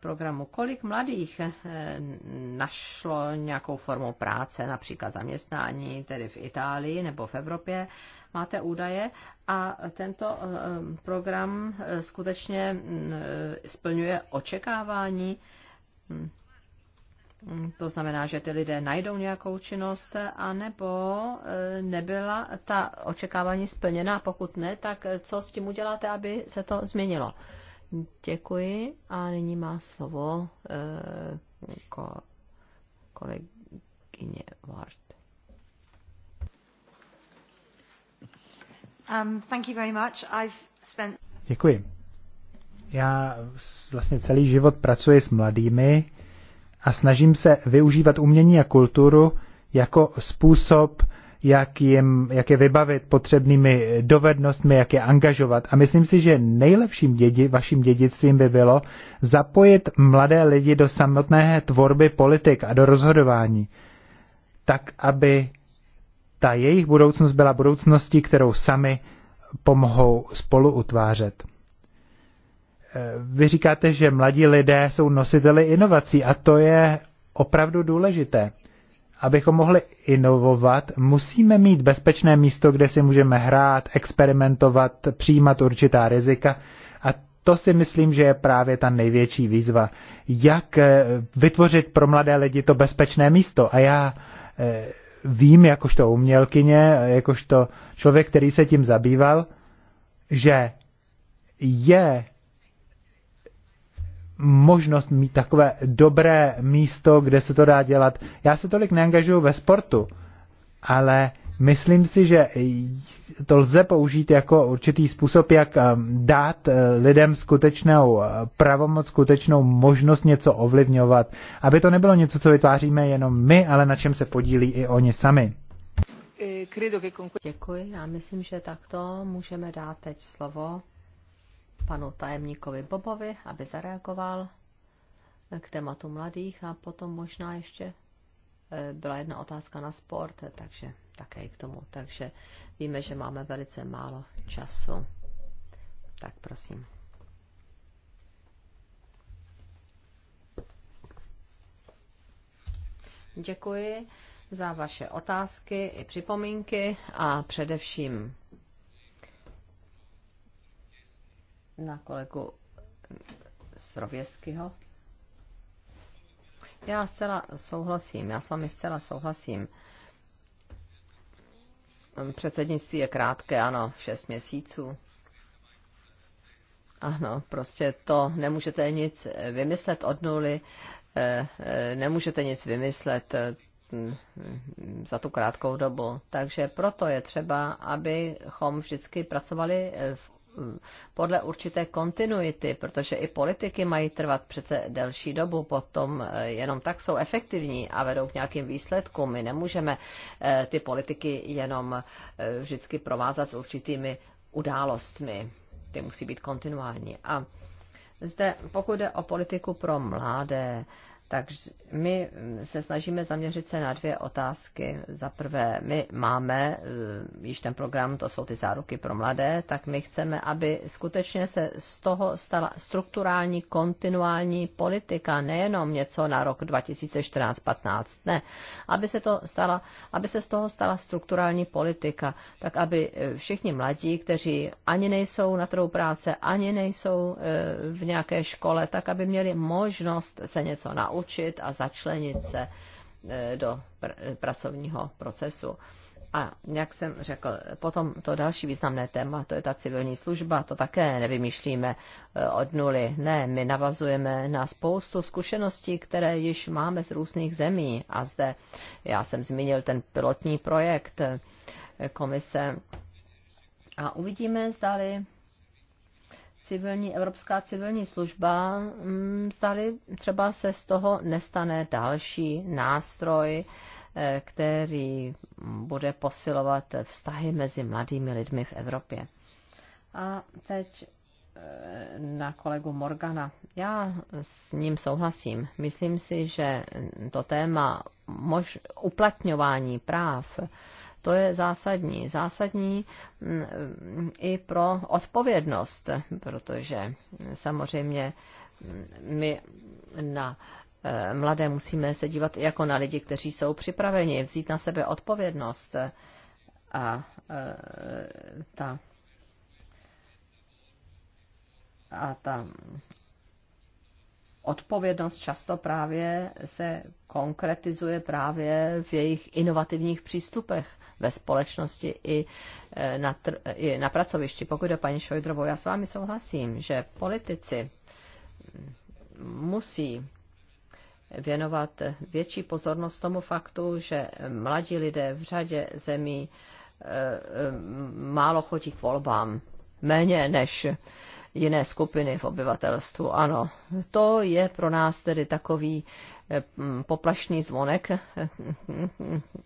programu, kolik mladých eh, našlo nějakou formu práce, například zaměstnání, tedy v Itálii nebo v Evropě, máte údaje a tento eh, program eh, skutečně mm, splňuje očekávání. Mm. To znamená, že ty lidé najdou nějakou činnost, anebo nebyla ta očekávání splněna, pokud ne, tak co s tím uděláte, aby se to změnilo? Děkuji a nyní má slovo uh, kolegyně Ward. Um, thank you very much. I've spent... Děkuji. Já vlastně celý život pracuji s mladými a snažím se využívat umění a kulturu jako způsob, jak, jim, jak je vybavit potřebnými dovednostmi, jak je angažovat. A myslím si, že nejlepším dědi, vaším dědictvím by bylo zapojit mladé lidi do samotné tvorby politik a do rozhodování, tak aby ta jejich budoucnost byla budoucností, kterou sami pomohou spolu utvářet. Vy říkáte, že mladí lidé jsou nositeli inovací a to je opravdu důležité abychom mohli inovovat, musíme mít bezpečné místo, kde si můžeme hrát, experimentovat, přijímat určitá rizika. A to si myslím, že je právě ta největší výzva. Jak eh, vytvořit pro mladé lidi to bezpečné místo. A já eh, vím, jakožto umělkyně, jakožto člověk, který se tím zabýval, že je možnost mít takové dobré místo, kde se to dá dělat. Já se tolik neangažuju ve sportu, ale myslím si, že to lze použít jako určitý způsob, jak eh, dát eh, lidem skutečnou eh, pravomoc, skutečnou možnost něco ovlivňovat, aby to nebylo něco, co vytváříme jenom my, ale na čem se podílí i oni sami. Děkuji, já myslím, že takto můžeme dát teď slovo panu tajemníkovi Bobovi, aby zareagoval k tématu mladých a potom možná ještě eh, byla jedna otázka na sport, takže také i k tomu. Takže víme, že máme velice málo času. Tak prosím. Děkuji za vaše otázky i připomínky a především na kolegu Srověskyho. Já zcela souhlasím, já s vámi zcela souhlasím. Předsednictví je krátké, ano, 6 měsíců. Ano, prostě to nemůžete nic vymyslet od nuly, eh, eh, nemůžete nic vymyslet eh, za tu krátkou dobu. Takže proto je třeba, abychom vždycky pracovali v podle určité kontinuity, protože i politiky mají trvat přece delší dobu, potom eh, jenom tak jsou efektivní a vedou k nějakým výsledkům. My nemůžeme eh, ty politiky jenom eh, vždycky provázat s určitými událostmi. Ty musí být kontinuální. A zde, pokud jde o politiku pro mládé, takže my se snažíme zaměřit se na dvě otázky. Za prvé, my máme eh, již ten program, to jsou ty záruky pro mladé, tak my chceme, aby skutečně se z toho stala strukturální, kontinuální politika, nejenom něco na rok 2014-15, ne, aby se, to stala, aby se z toho stala strukturální politika, tak aby eh, všichni mladí, kteří ani nejsou na trhu práce, ani nejsou eh, v nějaké škole, tak aby měli možnost se něco naučit naučit a začlenit se e, do pr- pracovního procesu. A jak jsem řekl, potom to další významné téma, to je ta civilní služba, to také nevymýšlíme e, od nuly. Ne, my navazujeme na spoustu zkušeností, které již máme z různých zemí. A zde já jsem zmínil ten pilotní projekt e, komise. A uvidíme, zdali civilní, Evropská civilní služba, mm, zdali třeba se z toho nestane další nástroj, eh, který bude posilovat vztahy mezi mladými lidmi v Evropě. A teď eh, na kolegu Morgana. Já s ním souhlasím. Myslím si, že to téma mož, uplatňování práv to je zásadní. Zásadní mm, mm, i pro odpovědnost, protože samozřejmě mm, my na eh, mladé musíme se dívat i jako na lidi, kteří jsou připraveni vzít na sebe odpovědnost. A eh, ta a ta odpovědnost často právě se konkretizuje právě v jejich inovativních přístupech ve společnosti i e, na, tr- i na pracovišti. Pokud je paní Šojdrovou, já s vámi souhlasím, že politici mm, musí věnovat větší pozornost tomu faktu, že mladí lidé v řadě zemí e, e, málo chodí k volbám, méně než jiné skupiny v obyvatelstvu. Ano, to je pro nás tedy takový eh, mm, poplašný zvonek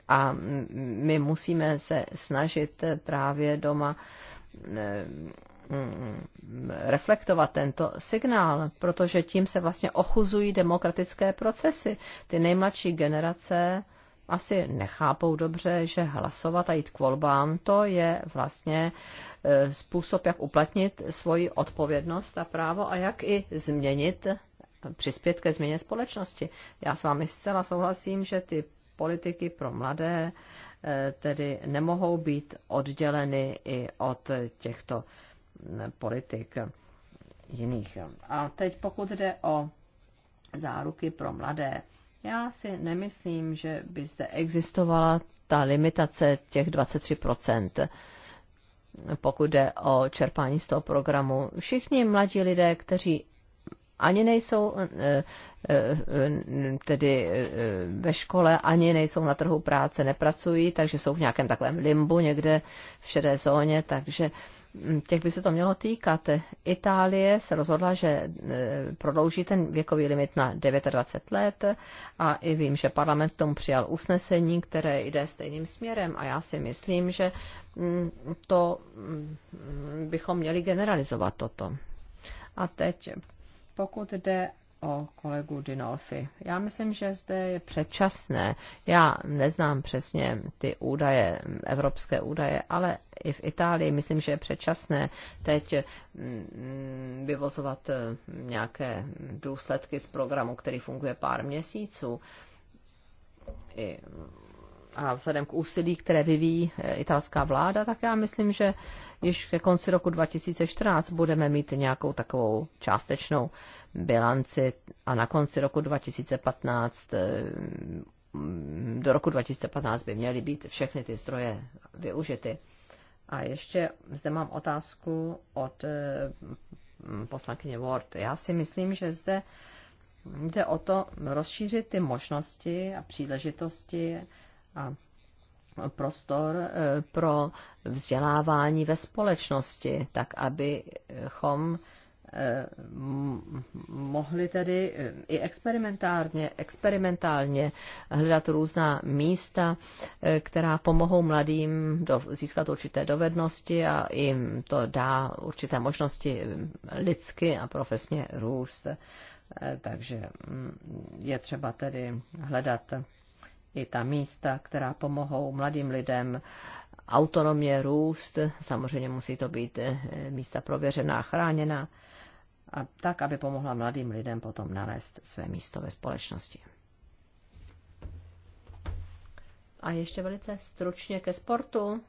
a my musíme se snažit právě doma eh, mm, reflektovat tento signál, protože tím se vlastně ochuzují demokratické procesy. Ty nejmladší generace asi nechápou dobře, že hlasovat a jít k volbám, to je vlastně e, způsob, jak uplatnit svoji odpovědnost a právo a jak i změnit, přispět ke změně společnosti. Já s vámi zcela souhlasím, že ty politiky pro mladé e, tedy nemohou být odděleny i od těchto politik jiných. A teď pokud jde o záruky pro mladé, já si nemyslím, že by zde existovala ta limitace těch 23%, pokud jde o čerpání z toho programu. Všichni mladí lidé, kteří ani nejsou eh, eh, tedy eh, ve škole, ani nejsou na trhu práce, nepracují, takže jsou v nějakém takovém limbu někde v šedé zóně, takže těch by se to mělo týkat. Itálie se rozhodla, že e, prodlouží ten věkový limit na 29 let a i vím, že parlament tomu přijal usnesení, které jde stejným směrem a já si myslím, že mm, to mm, bychom měli generalizovat toto. A teď, pokud jde o kolegu Dinolfi. Já myslím, že zde je předčasné. Já neznám přesně ty údaje, evropské údaje, ale i v Itálii myslím, že je předčasné teď mm, vyvozovat eh, nějaké důsledky z programu, který funguje pár měsíců. I a vzhledem k úsilí, které vyvíjí eh, italská vláda, tak já myslím, že již ke konci roku 2014 budeme mít nějakou takovou částečnou bilanci a na konci roku 2015 eh, do roku 2015 by měly být všechny ty zdroje využity. A ještě zde mám otázku od eh, poslankyně Ward. Já si myslím, že zde jde o to rozšířit ty možnosti a příležitosti a prostor eh, pro vzdělávání ve společnosti, tak abychom eh, mohli tedy eh, i experimentálně, experimentálně hledat různá místa, která pomohou mladým do, získat určité dovednosti a jim to dá určité možnosti lidsky a profesně růst. Takže mm, je třeba tedy hledat i ta místa, která pomohou mladým lidem autonomně růst. Samozřejmě musí to být eh, místa prověřená, chráněná, a tak, aby pomohla mladým lidem potom nalézt své místo ve společnosti. A ještě velice stručně ke sportu,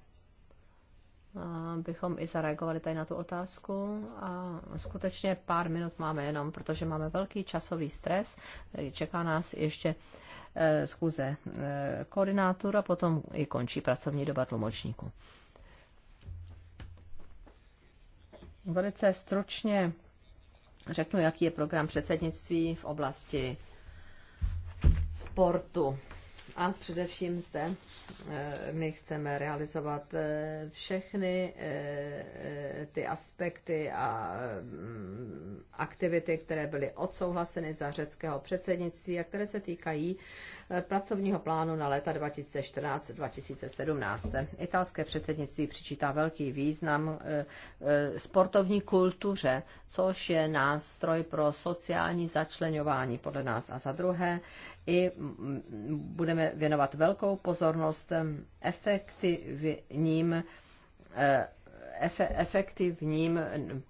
bychom i zareagovali tady na tu otázku. A skutečně pár minut máme jenom, protože máme velký časový stres. Čeká nás ještě Eh, schůze eh, a potom i končí pracovní doba tlumočníků. Velice stručně řeknu, jaký je program předsednictví v oblasti sportu. A především zde eh, my chceme realizovat eh, všechny eh, ty aspekty a mm, aktivity, které byly odsouhlaseny za řeckého předsednictví a které se týkají pracovního plánu na léta 2014-2017. Italské předsednictví přičítá velký význam sportovní kultuře, což je nástroj pro sociální začlenování podle nás. A za druhé, i budeme věnovat velkou pozornost efektivním eh, efektivním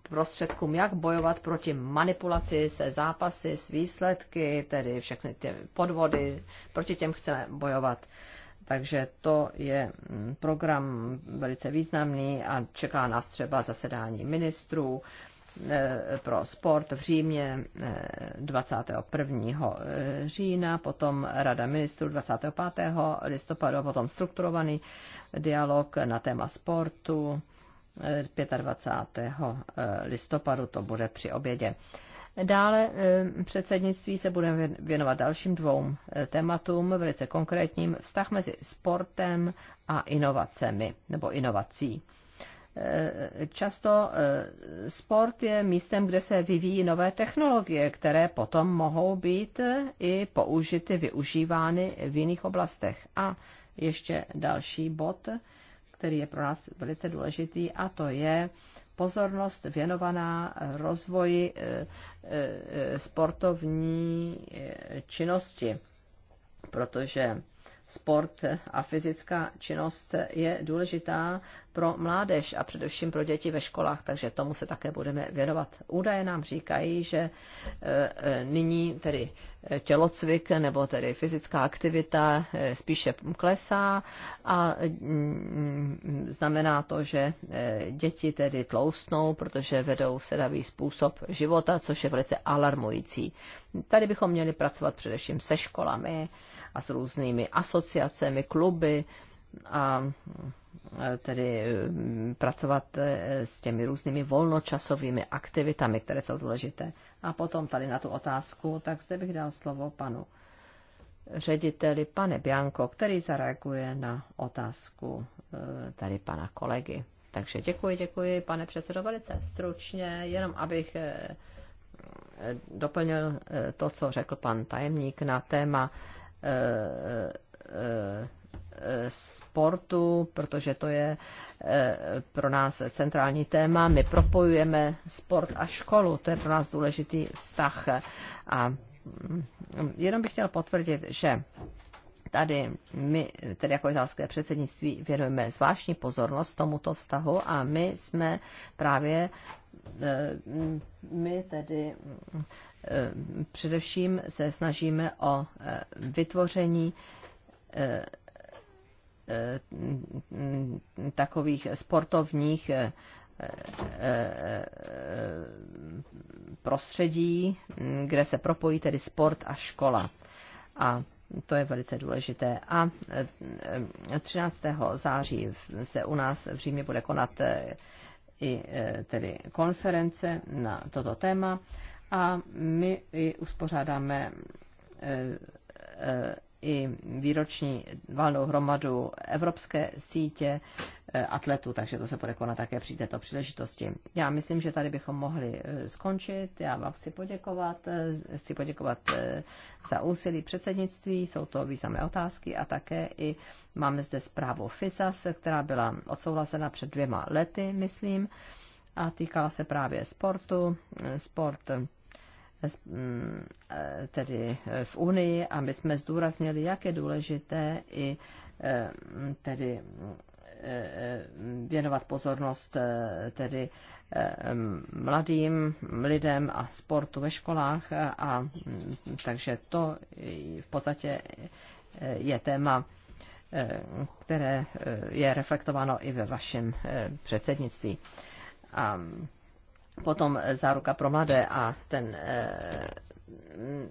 prostředkům, jak bojovat proti manipulaci se zápasy, s výsledky, tedy všechny ty podvody, proti těm chceme bojovat. Takže to je program velice významný a čeká nás třeba zasedání ministrů Eh, pro sport v Římě 21. Eh, eh, října, potom Rada ministrů 25. listopadu, potom strukturovaný dialog na téma sportu 25. listopadu, to bude při obědě. Dále předsednictví se budeme věnovat dalším dvou tématům, velice konkrétním, vztah mezi sportem a inovacemi nebo inovací. Eh, často eh, sport je místem, kde se vyvíjí nové technologie, které potom mohou být eh, i použity, využívány v jiných oblastech. A ještě další bod, který je pro nás velice důležitý, a to je pozornost věnovaná rozvoji sportovní činnosti, protože sport a fyzická činnost je důležitá pro mládež a především pro děti ve školách, takže tomu se také budeme věnovat. Údaje nám říkají, že eh, eh, nyní tedy eh, tělocvik nebo tedy fyzická aktivita spíše klesá a mm, mm, znamená to, že děti tedy tloustnou, protože vedou sedavý způsob života, což je velice alarmující. Tady bychom měli pracovat především se školami, a s různými asociacemi, kluby a e, tedy mm, pracovat e, s těmi různými volnočasovými aktivitami, které jsou důležité. A potom tady na tu otázku, tak zde bych dal slovo panu řediteli, pane Bianko, který zareaguje na otázku e, tady pana kolegy. Takže děkuji, děkuji, pane předsedo, velice stručně, jenom abych doplnil to, co řekl pan tajemník na téma sportu, protože to je eh, pro nás centrální téma. My propojujeme sport a školu, to je pro nás důležitý vztah. A mm, jenom bych chtěl potvrdit, že tady my, tedy jako italské předsednictví, věnujeme zvláštní pozornost tomuto vztahu a my jsme právě, eh, my tedy eh, především se snažíme o eh, vytvoření takových sportovních prostředí, kde se propojí tedy sport a škola. A to je velice důležité. A 13. E, září se u nás v Římě bude konat e, i e, tedy konference na toto téma a my i uspořádáme i výroční valnou hromadu Evropské sítě eh, atletů, takže to se bude konat také při této příležitosti. Já myslím, že tady bychom mohli eh, skončit. Já vám chci poděkovat. Eh, chci poděkovat za úsilí předsednictví, jsou to významné otázky a také i máme zde zprávu FISAS, která byla odsouhlasena před dvěma lety, myslím, a týkala se právě sportu. Sport Mm, e, tedy e, v Unii a my jsme zdůraznili, jak je důležité i e, tedy věnovat pozornost tedy mladým lidem a sportu ve školách a takže to v podstatě je téma, které je reflektováno i ve vašem předsednictví. A potom e, záruka pro mladé a ten e,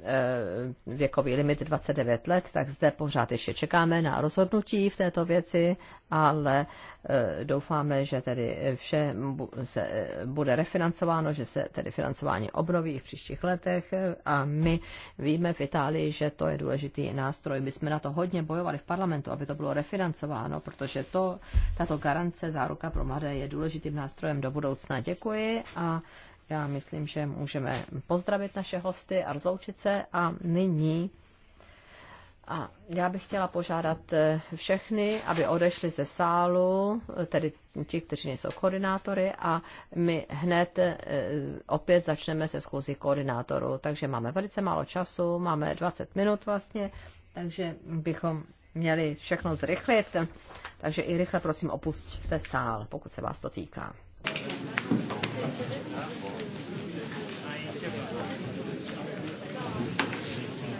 Eh, věkový limit 29 let, tak zde pořád ještě čekáme na rozhodnutí v této věci, ale eh, doufáme, že tedy vše se eh, bude refinancováno, že se tedy financování obnoví v příštích letech a my víme v Itálii, že to je důležitý nástroj. My jsme na to hodně bojovali v parlamentu, aby to bylo refinancováno, protože to, tato garance, záruka pro mladé je důležitým nástrojem do budoucna. Děkuji a já myslím, že můžeme pozdravit naše hosty a rozloučit se a nyní a já bych chtěla požádat eh, všechny, aby odešli ze sálu, tedy ti, kteří nejsou koordinátory, a my hned eh, opět začneme se schůzí koordinátorů. Takže máme velice málo času, máme 20 minut vlastně, takže bychom měli všechno zrychlit. Takže i rychle prosím opustte sál, pokud se vás to týká.